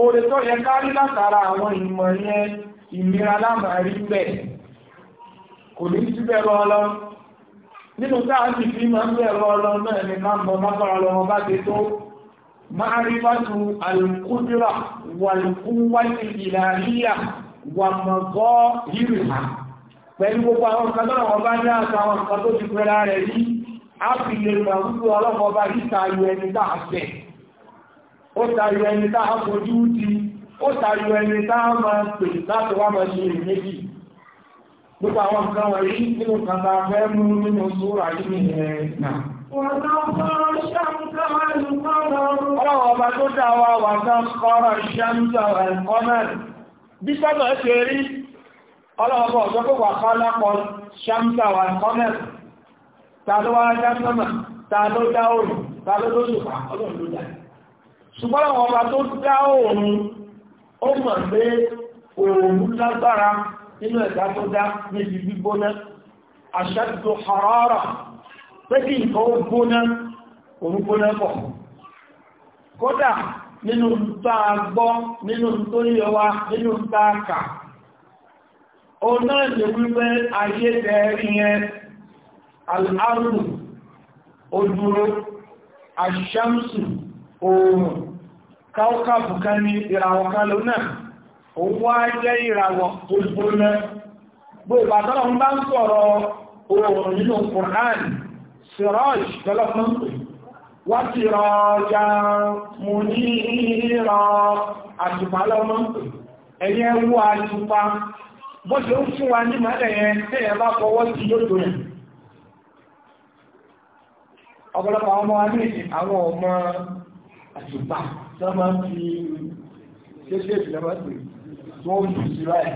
oore tó yẹ kárí látara àwọn ìmọ̀ yẹn ìmira lámàrí bẹ̀ kò ní sí bẹ̀rẹ̀ ọlọ́ nínú táà sì fi máa ń bẹ̀rẹ̀ ọlọ́ náà ni máa ń bọ mọ́tọ́ra lọ́wọ́ bá ti tó máa rí bá tu alùkúdúrà wàlùkúwáyé ìlàríyà wàmọ̀gọ́ ha. pẹ̀lú gbogbo àwọn kan náà bá ní àtàwọn nǹkan tó ti pẹ́ra rẹ̀ yí a fi lè mọ̀ wípé ọlọ́pọ̀ bá ẹni tá a fẹ́ ó tayọ ẹni tá a fojú di ó tayọ ẹni tá a máa pè láti wá máa ṣe èrè méjì gbogbo àwọn nínú fẹ́ mú nínú sóra yìí nìyẹn náà tó ń bí sọ́nà ṣe rí ọlọ́ọ̀bọ̀ ọ̀sọ́ pé wà kọ́ lápọ̀ ṣámsà wà kọ́mẹ̀t ta ló wá dá sọ́mà ta ló dá òòrùn ta ló tó ṣùpá ọlọ́run ló dá ṣùgbọ́n àwọn ọba tó dá òòrùn ó ó gbóná òun gbóná pọ̀ kódà nínú tó a nínú tó yẹ wa nínú tó a o náà lè wípé ayé tẹ́rí ẹ al'arùn ojúró aṣámsù oòrùn káwọ́kàbù ká ní ìràwọ̀ kalò náà òun wá jẹ́ ìràwọ̀ tó gbóná gbogbo àtọ́lọ̀ ń bá ń sọ̀rọ̀ wáṣírọ̀ọ̀já mú ní ìrọ̀ àtùpá lọ́mọ́ ẹ̀yẹ wú àtùpá bọ́ṣe ó fún wa ní mọ́lẹ̀ yẹn tẹ́yẹ bá fọwọ́ sí yóò tó yẹn ọ̀pọ̀lọpọ̀ ọmọ wa ní àwọn ọmọ àtùpá sọ́mọ́ fi ṣeṣe ìjọba pè tó ń bù sí ráì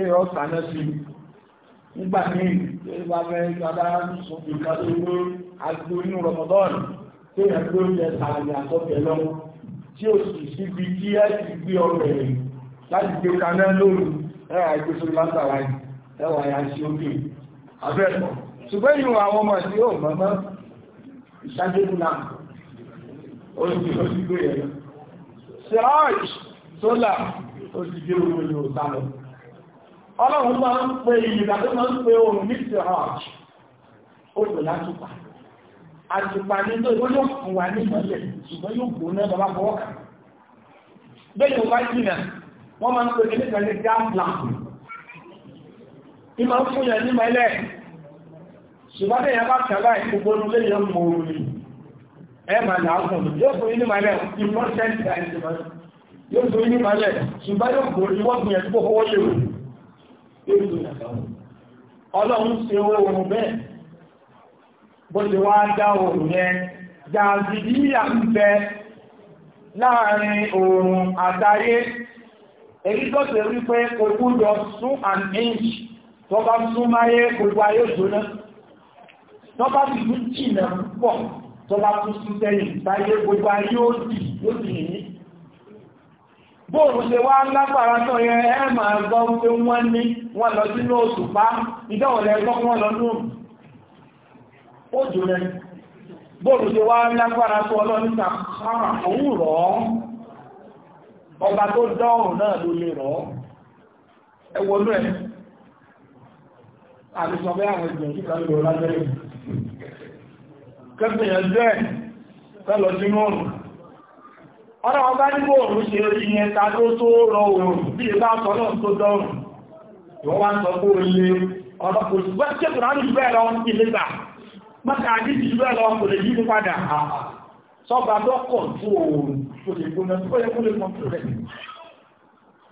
ẹ̀yẹ ọ̀sán sí nígbà míì tó bá fẹ́ gbadá sọ tí ẹ tó jẹ sàárì àtọ́tẹ̀ lọ́wọ́ tí ó sì síbi kí ẹ ti gbé ọmọ ẹ̀yìn láti gbé kaná lóru ẹwà ìgbésó látara ẹwà ya ṣe ókè abẹ́ẹ̀kọ́ ṣùgbọ́n ìwọ àwọn ọmọ sí ó mọ́mọ́ ìṣàjẹ́kù náà ó sì ó sì gbé yẹn siraj sólà ó sì gbé ogun ìlú ọ̀tá lọ ọlọ́run máa ń pe ìyìnbá tó máa ń pe ní ó pè àtùpà tó yóò fún wa ní ìmọ̀lẹ̀ ṣùgbọ́n yóò gbó náà bàbá bọ́ ọ̀kà bẹ́ẹ̀ yóò bá jìnà wọ́n máa ń pè ní ìpẹ̀lẹ̀ ní gáàmùlà ní máa ń fún yẹn ní ìmọ̀lẹ̀ ṣùgbọ́n tẹ̀yẹ bá kàlá ìgbogbo ilé yẹn mọ̀ òrùlé ẹ máa là á fún yóò yóò fún yín ní ìmọ̀lẹ̀ ṣùgbọ́n bóṣe wá dá oòrùn yẹn jàǹdìdíyà ń bẹ láàrin oòrùn àtayé èyí tó ṣe rí pé ogún lọ sún and inch tó bá sún máyé gbogbo ayé jóná tó bá sì tún jìnà pọ̀ tó bá tún sún sẹ́yìn táyé gbogbo ayé ó dì yóò dì ní bóòrùn ṣe wá lágbára náà yẹn ẹ máa gbọ́ pé wọ́n ní wọ́n lọ sínú òṣùpá ìdáwọ̀lẹ́ gbọ́ wọ́n lọ lóòrùn ó rẹ̀ bóòlù ṣe wá lágbára tó ọlọ́nìta káà òun rọ̀ ọ́ ọba tó dọ́ọ̀rùn náà ló lè rọ̀ ọ́ ẹwọ́nú ẹ̀ àti sọ bẹ́ àwọn ìgbìyànjú kan lò lábẹ́rẹ̀ kẹ́gbìyànjú ẹ̀ kẹ́lọ sí mọ́rùn ọ̀nà wọn bá nígbò ṣe rí ta tó tó rọ òun bí i sọ náà tó dọ́rùn ìwọ́n wá sọ pé ó mọ́ta àdíjì jù lọ kò lè yí padà sọ́bà lọ́kọ̀ tó oòrùn tó lè gbóná tó yẹ kó lè mọ́ tó rẹ̀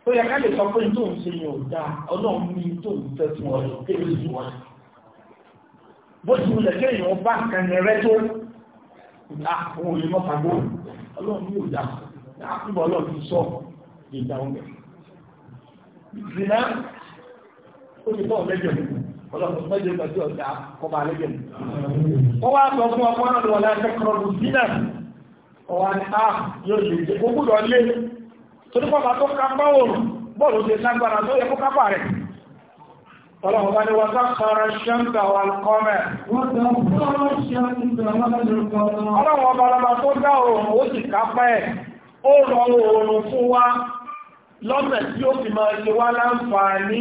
tó yẹ ká lè sọ pé tó ń ṣe yàn dá ọlọ́run tó ń fẹ́ fún ọ̀rọ̀ kéré jù wọn bó ti wulẹ̀ kí èèyàn bá kẹrin rẹ tó àwọn olè mọ́ta gbó ọlọ́run ní òdà àkúbọ̀ ọlọ́run sọ ìgbà ọmọ ìgbìnà ó ti bọ́ ọ̀lẹ́jọ̀ ọlọ́pàá mẹ́jọ ìgbàjú ọ̀dá kọba alẹ́gẹ̀ ó wá sọ fún ọkọ̀ náà lọ́wọ́ láti kọrọ̀lù sínà ọwá ní a ah, yóò lè jẹ gbogbo lọ lé tó ní pọ̀pá tó kápá òòrùn bọ́ọ̀lù ṣe lágbára tó yẹ kó kápá rẹ̀ ọlọ́pàá bá ní wọ́n sá kọrọ ṣẹ́ńtà wà kọ́mẹ̀ ọlọ́pàá bá lọ́pàá tó dá òòrùn ó sì kápá ẹ̀ ó rọ òòrùn fún wa lọ́sẹ̀ tí ó fi máa ṣe wá láǹfààní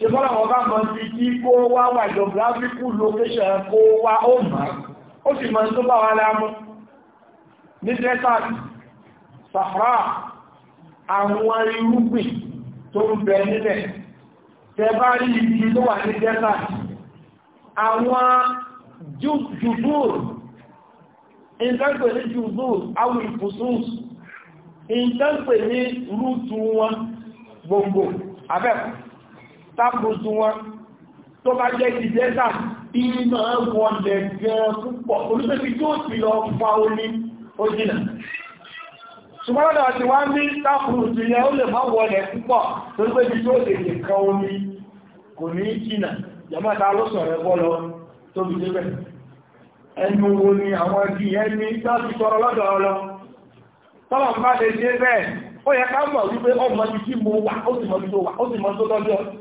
ṣe bọ́lá wọn bá mọ́ sí kí kó wá wà geographical location kó wá ó mọ́ ó sì mọ́ tó bá wà lámú ní desert sahara àwọn irúgbìn tó ń bẹ nílẹ̀ tẹ bá rí ibi tó wà ní desert àwọn jùdúr ìtàgbè ní jùdúr àwọn ìpùsùs ìtàgbè ní rútù wọn gbogbo abẹ́kùn tápòsù wọn tó bá jẹ́ ti dẹ́sà ìmọ̀ wọlẹ̀ gan púpọ̀ olùsẹ́bí tó ti lọ fa omi ó jìnà ṣùgbọ́n lọ́dọ̀ ti wá ní tápòsù yẹn ó lè má wọlẹ̀ púpọ̀ tó gbé bí tó lè lè kan omi kò ní jìnà jàmáta ló sọ̀rọ̀ ẹ̀kọ́ lọ tó fi débẹ̀ ẹnu wo ni àwọn ẹbí ẹni láti sọ̀rọ̀ lọ́dọ̀ ọlọ tọ́lọ̀ bá lè dé bẹ́ẹ̀ ó yẹ ká mọ̀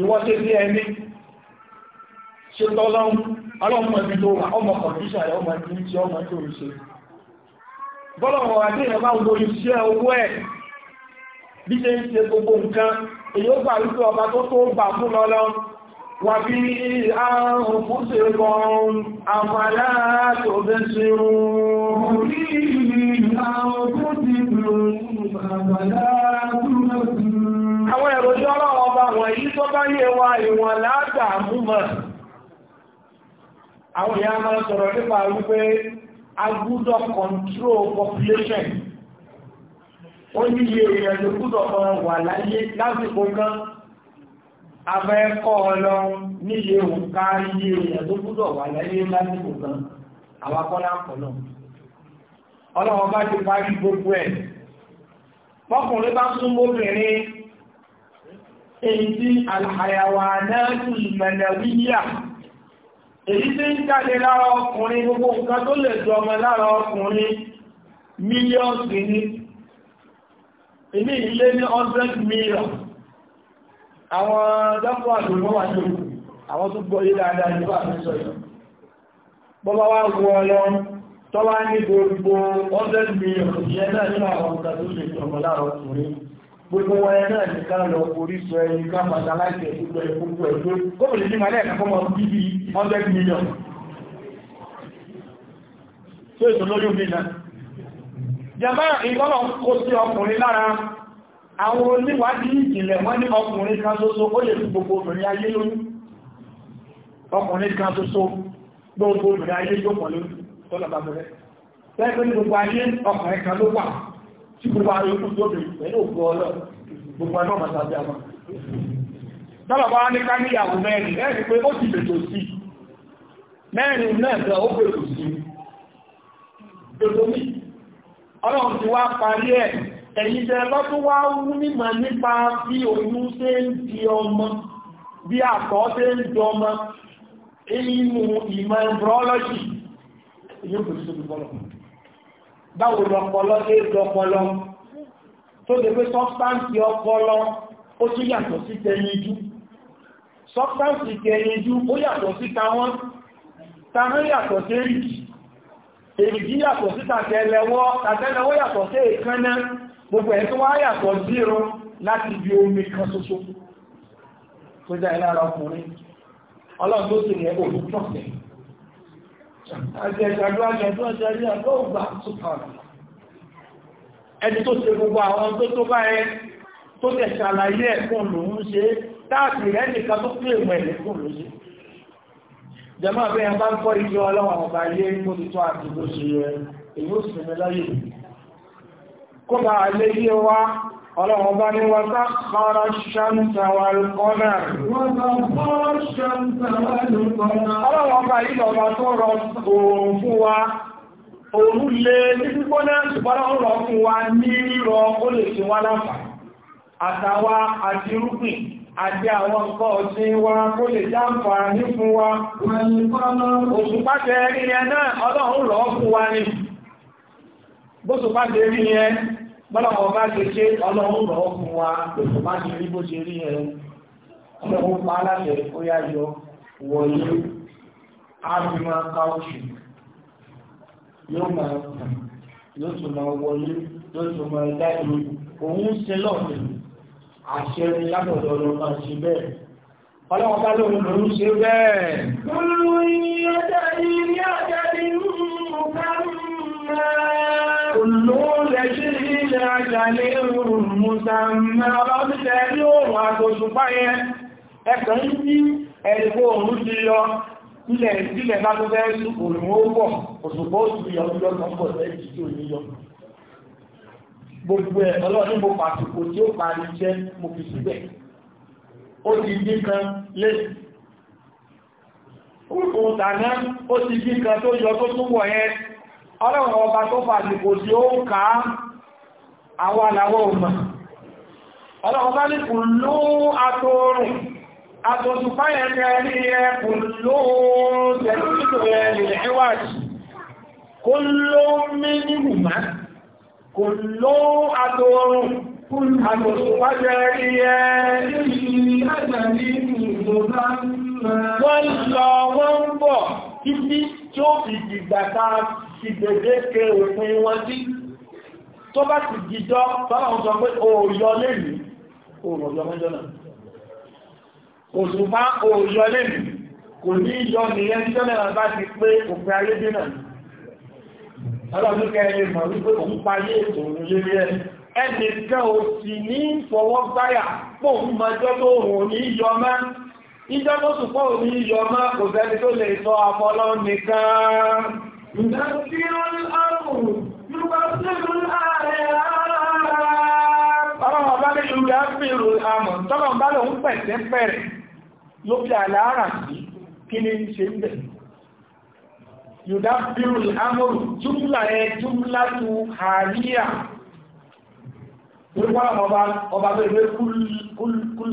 ìwọ́n ṣe sí ẹni ṣe tọ́lọ́un ọlọ́mọdé tó wà ọmọ kọ̀díṣà rẹ̀ ọmọ tí ń ṣe ọmọ tí ó ṣe bọ́lọ̀wọ̀ àti ìyẹn bá gbogbo iṣẹ́ owó ẹ̀ bí ṣe ń ṣe gbogbo nǹkan èyí ó gbà wípé ọba tó tó gbà fún lọ́lọ́ wà bí àrùn fún ṣe kan àmàlà láyé wa ìwọ̀n látà múmọ̀ àwọn ìyá máa sọ̀rọ̀ nípa wípé agbúdọ̀ control population ó ní iye ìrẹ̀lú gbúdọ̀ kan wà láyé lásìkò kan abẹ́ẹ̀kọ́ ọlọ́run ní iye òǹkà iye ìrẹ̀lú gbúdọ̀ wà láyé lásìkò kan àwakọ́lá pọ̀lọ̀ ọlọ́run bá ti parí gbogbo ẹ̀ fọ́kùnrin bá súnmọ́ obìnrin èyí tí àlàyàwà èyí tí ń lára ọkùnrin gbogbo nǹkan tó lè jọ ọmọ lára ọkùnrin mílíọ̀nsì ní ilé ilé ní 100 mílíọ̀n àwọn dọ́pọ̀ ní àwọn tó gbọ́ ilé dáadáa nípa àmìsọ̀ gbogbo gbogbo wọn ẹ náà ní ká lọ orísun ẹni ká pàtàkì láti ẹ̀kúkọ ẹ̀kúkọ ẹ̀kú gómìnà ní malẹ́ ẹ̀kọ́ mọ́ bíbí hundred million tó ètò lóyún bí náà jẹba ìgbọ́nà kó sí ọkùnrin lára àwọn oníwádìí ìjìnlẹ̀ wọ́n ní ọkùnrin kan ṣoṣo ó lè fi gbogbo obìnrin ayé lóyún ọkùnrin kan ṣoṣo gbogbo obìnrin ayé jókòó lóyún tọ́lọ̀ bàbẹ̀rẹ̀ tí gbogbo ààrẹ ikú tó bèèrè pẹ̀lú òkú ọlọ́ gbogbo ẹ̀nà àmà tọ́lọ̀bọ̀ wá ní káníyàwó mẹ́rin mẹ́rin pé ó ti bèèrè sí mẹ́rin náà ó bèèrè sí ọlọ́run ti wá parí ẹ̀ ẹ̀yìn jẹ́ wá wú nípa bí oyún ṣe ń di ọmọ bí ṣe ń di ọmọ inú ìmọ̀ báwo lọpọlọ ṣe é lọpọlọ tó lè pé sọ́fáǹsì ọpọlọ ó tún yàtọ̀ sí tẹyinjú sọ́fáǹsì tẹyinjú ó yàtọ̀ sí táwọn táwọn yàtọ̀ sí èrìkì èrìkì yàtọ̀ sí tàtẹ́lẹwọ́ tàtẹ́lẹwọ́ yàtọ̀ sí èékánná gbogbo ẹ̀ tó wá yàtọ̀ dírun láti bí omi kan ṣoṣo tó jẹ́ ìlara ọkùnrin ọlọ́run tó sì rẹ̀ òun tọ̀sẹ̀ àti ẹ̀ṣàdó àjọ̀dún ọjọ́ rí àgbọ́ ògbà tó kàrù ẹni tó ṣe gbogbo àwọn tó tó bá ẹ tó tẹ̀ ṣàlàyé ẹ̀kùn lòun ṣe táàkì rẹ̀ nìkan tó pè mọ̀ ẹ̀lẹ́kùn ló ṣe jẹmọ́ bí ẹ bá ń kọ́ ìjọ ọlọ́wọ̀n ọba ilé kó ti tọ́ àti bó ṣe yẹ èyí ó sì mi láyé kó bá lè yé wa Ọlọ́run bá ní wọ́ta kọ́rọ̀ ṣáńtà wà lùkọ́nà. Ọlọ́run bá yìí lọ́wọ́ tó rọ oòrùn fún wa, oòrùn lè ní gbígbóná ṣùgbọ́n rọ fún wa ní rírọ ó lè ṣe wá láfà. Àtàwa àti irúgbìn àti àwọn nǹkan ọ̀sìn wa kó lè jáǹfà ní fún wa. Òṣùpá tẹ rí náà ọlọ́run rọ fún wa ni. Bóṣùpá tẹ rí ẹ bọ́lọ̀wọ̀ bá ṣe ṣe ọlọ́run rọ̀ fún wa pẹ̀lú má ṣe rí bó ṣe rí ẹ̀ ọlọ́run pa aláṣẹ ó yá yọ wọ̀nyí ábímọ káwọ́ṣù yóò máa tàn yóò tún máa wọlé yóò tún máa dáìlú òun ṣe lọ́ọ̀dẹ̀ àṣẹ ni lábọ̀dọ̀ ló máa ṣe bẹ́ẹ̀ ọlọ́run bá lóun lòún ṣe bẹ́ẹ̀. olùyìn ẹ̀dá ni ní ọ̀dẹ̀ كل لجري لأجل مسمى ربتلي وتصفية ẹ̀kàn tí ẹ̀rẹ̀kọ́ òun ti yọ ilẹ̀ ìsílẹ̀ bá tó fẹ́ òrùn ó pọ̀ òṣùpọ̀ òṣù yọ yọ lọ́pọ̀ lẹ́yìn tí ò ní yọ gbogbo ẹ̀ ọlọ́ni mo pàtàkì tí ó parí jẹ́ mo fi síbẹ̀ ó ti dín kan lẹ́sìn ó kò tàná ó ti dín kan tó yọ tó túnwọ̀ yẹn ọlọ́run ọba tó fà àsìkò tí ó ń ká àwọn aláwọ̀ ọmọ ọlọ́run bá ní kùnlú atóòrùn àtòsùfáyẹ̀ ní ẹ kùnlú tẹ̀lú ẹ̀lẹ̀ ẹwàjì kùnlú mínìmùmá kùnlú atóòrùn àtòsùfáyẹ̀ ní ẹ wọ́n lọ wọ́n bọ̀ títí tí ó fi dìgbà ta ti gbèdé ke òpin wọn sí tó bá ti dìjọ́ báwọn sọ pé òòyọ lẹ́nu òòyọ mọ́jọ náà òṣùpá òòyọ lẹ́nu kò ní yọ nìyẹn tí tọ́lẹ̀ bá ti pé òpin ayé dé náà ọlọ́run kẹrin mọ̀ wípé òun parí ètò òun lérí ẹ̀ ẹnìkan ò sì ní fọwọ́ báyà pòun mọjọ́ tó òun ní yọ mẹ́ ìjọ tó sùpọ̀ òní yọ máa kò sẹ́ni tó lè sọ àfọlọ́ nìkan. Ọlọ́run ọba ní ìlú Gáfíìrù àmọ̀ tọ́lọ̀ bá lòun pẹ̀sẹ̀ pẹ̀rẹ̀ ló fi àlàárà sí kí ní ṣe ń bẹ̀. Yùdáfíìrù àmọ̀rù jùmlà ẹ jùmlà tó hàríyà. Torí wọ́n ọba ọba bẹ̀rẹ̀ kúlù kúlù kúlù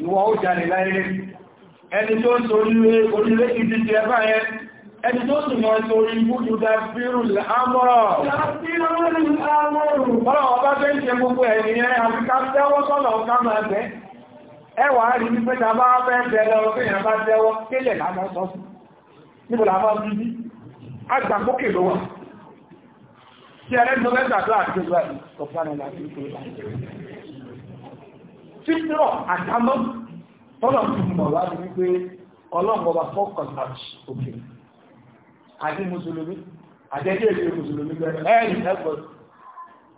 ìwọ ó jáde ẹni tó ń sorí orílẹ̀ ìdí ti ẹbá ẹni tó sì mọ́ sórí ìbújú dáfírù lámọ́rọ̀ ọba fẹ́ ṣe gbogbo ẹ̀yìn ẹ̀ àfikà tẹ́wọ́ sọ́lọ̀ ọ̀ká máa ẹwà rí ní pé tàbá fẹ́ bẹ̀rẹ̀ fẹ́ fífọ́ àdámọ́ tọ́lọ̀ fún mọ̀ wá ní wípé ọlọ́mọba fọ́kàn àti òkè àti mùsùlùmí àjẹ́jẹ́ èdè mùsùlùmí gbẹ̀rẹ̀ ẹ̀rìn ẹgbẹ̀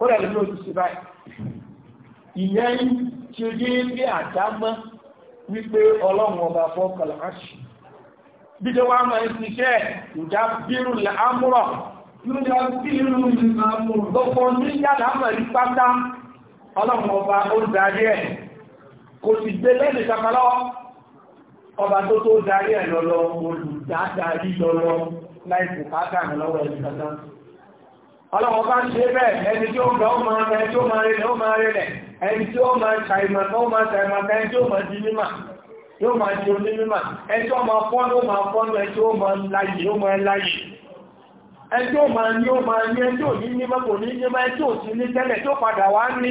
ó rẹ̀ lórí oṣù sí báyìí ìyẹn tí ó yé ní àdámọ́ wípé ọlọ́mọba fọ́kàn àti bíjọ wá máa ń ṣiṣẹ́ ìjà bírù lámúrọ̀ ìjà bírù lámúrọ̀ lọ́pọ̀ ní yàrá mọ̀ ní pátá ọlọ́mọba ó darí ẹ̀ kò sì gbé lẹ́nì kakalọ́ ọba tó tó darí ẹ̀ lọ́lọ́ olùdádarí lọ́lọ́ láì kò káàkà mi lọ́wọ́ ẹni kankan ọlọ́wọ́n bá ń ṣe bẹ́ẹ̀ ẹni tí ó gbà ó máa rẹ ẹni tí ó máa rẹ ó máa rẹ ẹni tí ó máa ṣàìmọ̀ kan ó máa ṣàìmọ̀ kan ẹni tí ó máa di mímà yóò máa di onímímà ẹni tí ó máa fọ́nú ó máa fọ́nú ẹni tí ó máa láyè ó máa láyè ẹni tí ó máa ní ó máa ní ẹni tí ò ní ní mọ́ ní ní mọ́ ẹni tí ò sí ní tẹ́lẹ̀ tí ó padà wá ní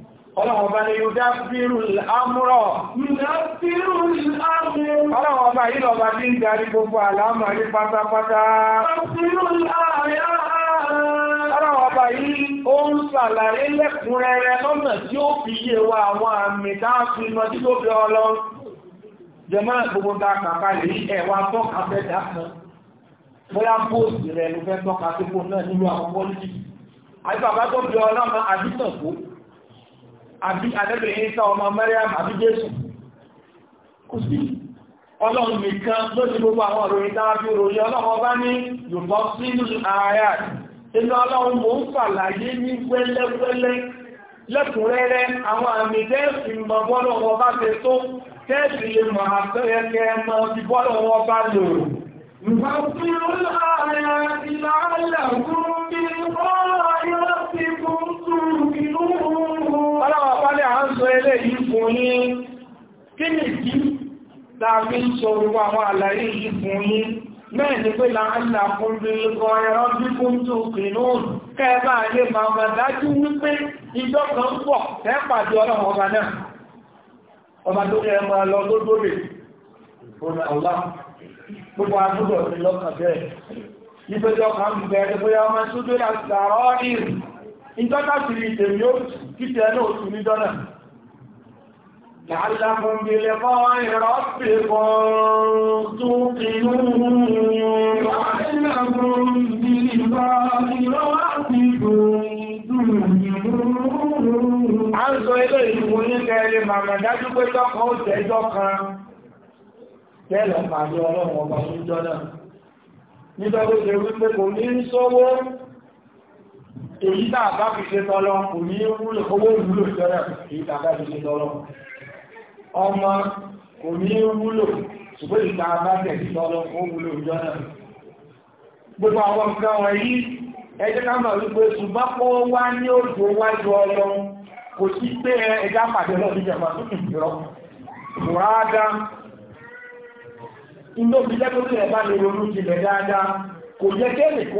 Ọlọ́run ọba ni yóò dábírù l'ámúrọ̀. Yùdábírù l'ámúrọ̀. Ọlọ́run ọba yìí lọ́ba tí ń darí gbogbo àlámà ní pátápátá. Yùdábírù l'áyá. Ọlọ́run ọba yìí ó ń ṣàlàyé lẹ́kùnrẹ́rẹ́ lọ́nà tí ó fi yé wa àwọn àmì táàfin lọ tí ó fi ọlọ. Jẹ̀mọ́ gbogbo ta kàkà lè ẹ̀wà tọ́ka fẹ́ dà kan. Bóyá bóòsì rẹ̀ ló fẹ́ tọ́ka sí fún náà nínú àwọn pọ́lítì. Àyíkà bá tó fi ọlọ́mọ àdìsàn fún àbí àdẹ́bìnrin Ìsá ọmọ Mẹ́ríàmù àbí Jésù kò sí ọlọ́run nìkan ló ti gbogbo àwọn òròyìn dára bí òròyìn ọlọ́run bá ní yòbọ́ sínú ààrẹ inú ọlọ́run mò ń fàlàyé ní wẹ́lẹ́wẹ́lẹ́ lẹ́kùnrẹ́rẹ́ àwọn àmì tẹ́ẹ̀sì mọ̀ bọ́lọ̀ wọn bá ṣe tó tẹ́ẹ̀sì lè mọ̀ àtẹ́ẹ̀kẹ́ mọ̀ bí bọ́lọ̀ wọn bá lò. ní kí ni ìdí láàrí ìṣòro àwọn àlàyé yìí fún yín náà ní pé láàrín fún bí lọ́kọ̀ ẹ̀rọ bí fún tó kìnnú kẹ́ẹ̀bá lè máa máa dájú wípé ìjọ kan pọ̀ tẹ́pàdé ọlọ́run ọba náà ọba tó kẹ́ lọ لعلكم بلقاء ربكم توقنون لعلكم بلقاء ربكم A ń sọ ilé ìlú oníkẹ́lẹ̀ màmà dájú pé tọ́kọ̀ ó tẹ́jọ́ kan tẹ́lẹ̀ pàdé ọlọ́run ọba oúnjọ́ náà. Nítorí ṣe wípé kò ní sówó èyí tàbá fi ṣe tọ́lọ kò ní wúlò owó ìwúlò ìjọ́rẹ̀ èyí tàbá fi ṣe tọ́lọ ọmọ kò ní wúlò ṣùgbọ́n ìta bá tẹ̀sí tọ́lọ́ ó wúlò ìjọ náà gbogbo àwọn nǹkan wọ̀nyí ẹjẹ́ ká mọ̀ wípé ṣùgbọ́n kó wá ní òjò wájú ọlọ kò sí pé ẹja pàdé lọ sí ìjọba tó kìí rọ mùrádá inú òbí jẹ́ tó lè bá lè ronú jìnlẹ̀ dáadáa kò yẹ kẹ́lẹ̀ kó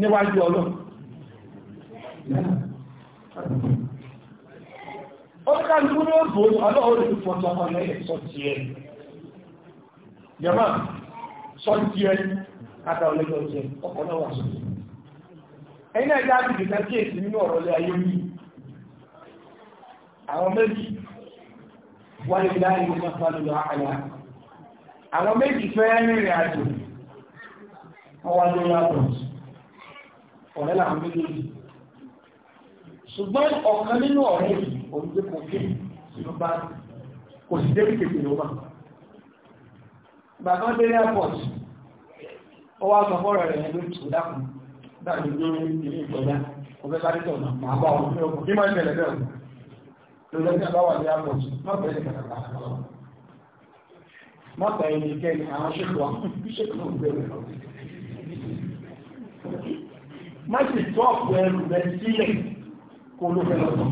níwájú ọlọ́run ó ká ní wọ́n bò ọlọ́run ní fọ́tọ̀ ọ̀nà ẹ̀ sọ́tì ẹ̀ yẹ̀mọ́ sọ́tì ẹ̀ kátà ọlẹ́gbẹ̀ ọ̀tẹ̀ ọkọ̀ náà wà sọ́tì ẹ̀yìn náà já bìbì ká kíyèsí nínú ọ̀rọ̀ ilé ayé mi àwọn méjì wáyé láàrin ní mọ́sálùlọ àkàlà àwọn méjì fẹ́ rìnrìn àjò wọ́n wá lórí ọ̀rẹ́ làwọn méjèèjì ṣùgbọ́n ọ̀kan nínú ọ̀rẹ́ yìí òun gbé kò kí sínú bá kò sì débi tètè ló wà bàbá délé airport ó wá sọ fọ́rọ̀ rẹ̀ ló tù dákun dáàbí lórí ilé ìgbọ̀dá ọ̀fẹ́ sáré tọ̀ náà máa bá ọmọ ọmọ bí máa ń tẹ̀lẹ̀ bẹ́ẹ̀ lórí ẹgbẹ́ bá wà ní airport náà pẹ̀lú ìgbàlá mọ́tà ẹnikẹ́ni àwọn ṣètò àwọn ṣètò náà bẹ̀rẹ̀ má sì tọ́ ọ̀pọ̀ ẹrù rẹ sílẹ̀ kó ló fẹ́ lọ́tọ̀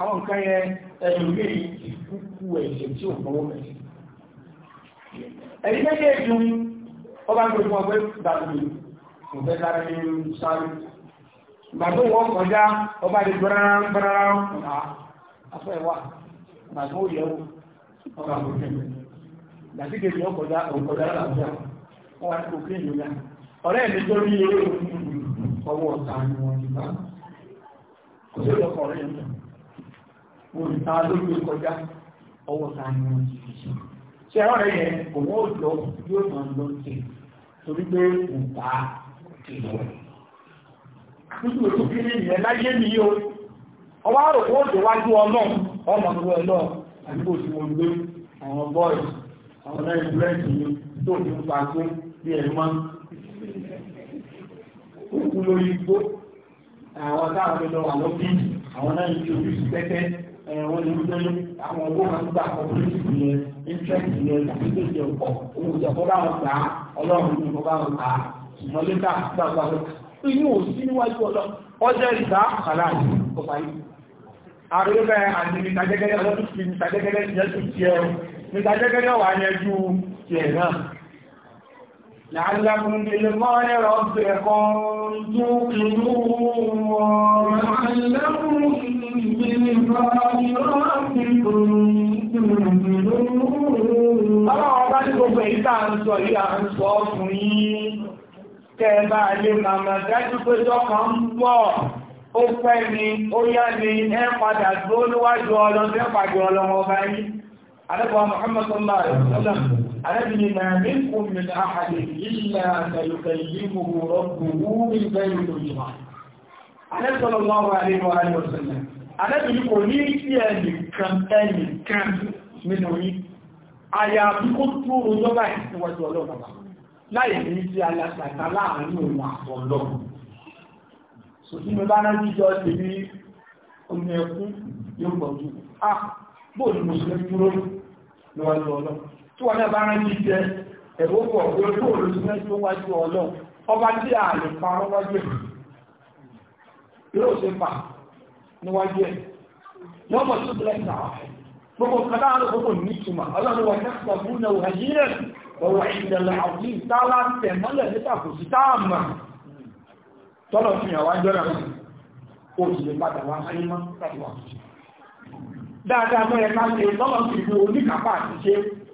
àwọn nǹkan yẹn ẹrù lè kúkú ẹ̀ṣẹ̀ tí ò fọwọ́ mẹ́sì ẹ̀rí méjì èdè ọba ń gbogbo ọgbẹ́ dàbí ọgbẹ́ dára ní sáré wọn kọjá ọba di gbẹrẹrán gbẹrẹrán ọ̀nà afọ ẹ̀wà gbàgbé òyẹ̀wò wá ní kò kí èèyàn ọ̀rẹ́ mi tó rí eré ọwọ́ ọ̀tá ni wọ́n ti bá kò sí ọkọ̀ rẹ̀ ń bọ̀ òrìta lórí kọjá ọwọ́ ọ̀tá ni wọ́n ti fi ṣe ṣe ọ̀rẹ́ yẹn òun lọ yóò máa lọ sí torí pé kò bá ti lọ ìyẹn láyé mi o ọwọ́ wájú ọmọ lọ àdúgbò tí mo gbé àwọn bọ́ọ̀lù àwọn òkú lórí igbó àwọn táwọn lọ wà lọ́bí àwọn náà ní ojú sí pẹ́pẹ́ wọ́n ní wípé àwọn owó máa ń gbà ọ̀pọ̀lọpọ̀ yẹn interest yẹn tàbí tó jẹ ọ̀pọ̀ òun ìjà kọ́ bá wọn gbà á ọlọ́run ní kọ́ bá wọn gbà á ṣùgbọ́n lẹ́tà gbàgbà lọ inú ò sí níwájú ọlọ ọjọ́ ìta àkàlà ọ̀pá yìí. àrùn bẹ́ẹ̀ àti nìtajẹ́gẹ́dẹ́ ọlọ́dún ti nìtajẹ́gẹ́dẹ́ ti jẹ́ لعلكم بلقاء ربكم توقنون لعلكم بلقاء ربكم توقنون Ọlọ́run ọba ní ń sọ ń sọ Kẹ́ẹ̀bá lè pé ń bọ̀. Ó ni, arábìnrin náà mẹ́kùn mi láàrin ìlà àtàlùkà ìlú rọ́gbùwú ìgbẹ́ ìlú ìjọba alẹ́sọ̀lọ́wọ́ àríwá àríwọ̀sẹ̀lẹ̀ arábìnrin kò ní sí ẹnì kan ẹnì kan nínú yí àyà àbíkó tó rojọ́ báyìí níwájú ọlọ́pàá láì ní sí alásàtà láàrin òun àtọ̀lọ́ sòtí mi bá náà jíjọ ṣe ní omi ẹkún yóò pọ̀ jù ah bóòlù mùsùlùmí dúró níwájú ọlọ́pàá tí wọ́n náà bá rán ní jẹ ẹ̀wọ́ pọ̀ pé ó tó olùsúnmẹ́ tó wájú ọlọ́run ọba tí a lè parọ́ wájú ẹ̀ yóò ṣe fà níwájú ẹ̀ yóò mọ̀ tó bẹ̀rẹ̀ náà gbogbo kan náà gbogbo ní ìtumọ̀ ọlọ́run wọn ní ọ̀pọ̀ fún ẹ̀wọ̀ ẹ̀yìn rẹ̀ ọ̀rọ̀ ìdẹ̀lẹ̀ àwọn ìtàlá tẹ̀ mọ́lẹ̀ níta kò sí táàmà tọ́lọ̀ fi hàn wájú ọ̀rọ̀ kò sì lè padà wá sáyé mọ́ dáadáa mọ́ ẹ̀ká ṣe tọ́lọ̀ fi ìlú oníkàpá àti ṣe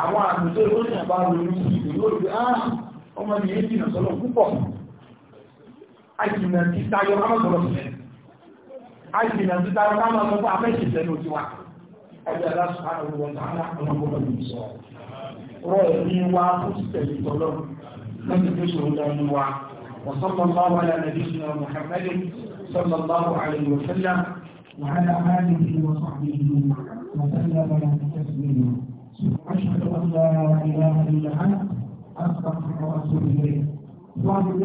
àwọn àmìsó ìròyìn àbá ronú sí ìlú òbí ààrùn ah, ọmọ ni èyí jìnà sọ́lọ̀ púpọ̀ àjìnà ti tayọ kámọ̀sọ̀rọ̀ sílẹ̀ àjìnà ti tayọ kámọ̀sọ̀rọ̀ afẹ́sì sẹ́nu tiwa ẹgbẹ́ aláṣùpáà wọn tààlà ọmọkọ̀ọ́ ìṣọ́ rọ̀ ní wa fún tẹ̀lé tọ́lọ́ lọ́sí tó ṣòro dání wa وصلى الله على وعلى آله وصحبه وسلم تسليما وأشهد أن لا إله إلا أنت أستغفرك وأتوب إليك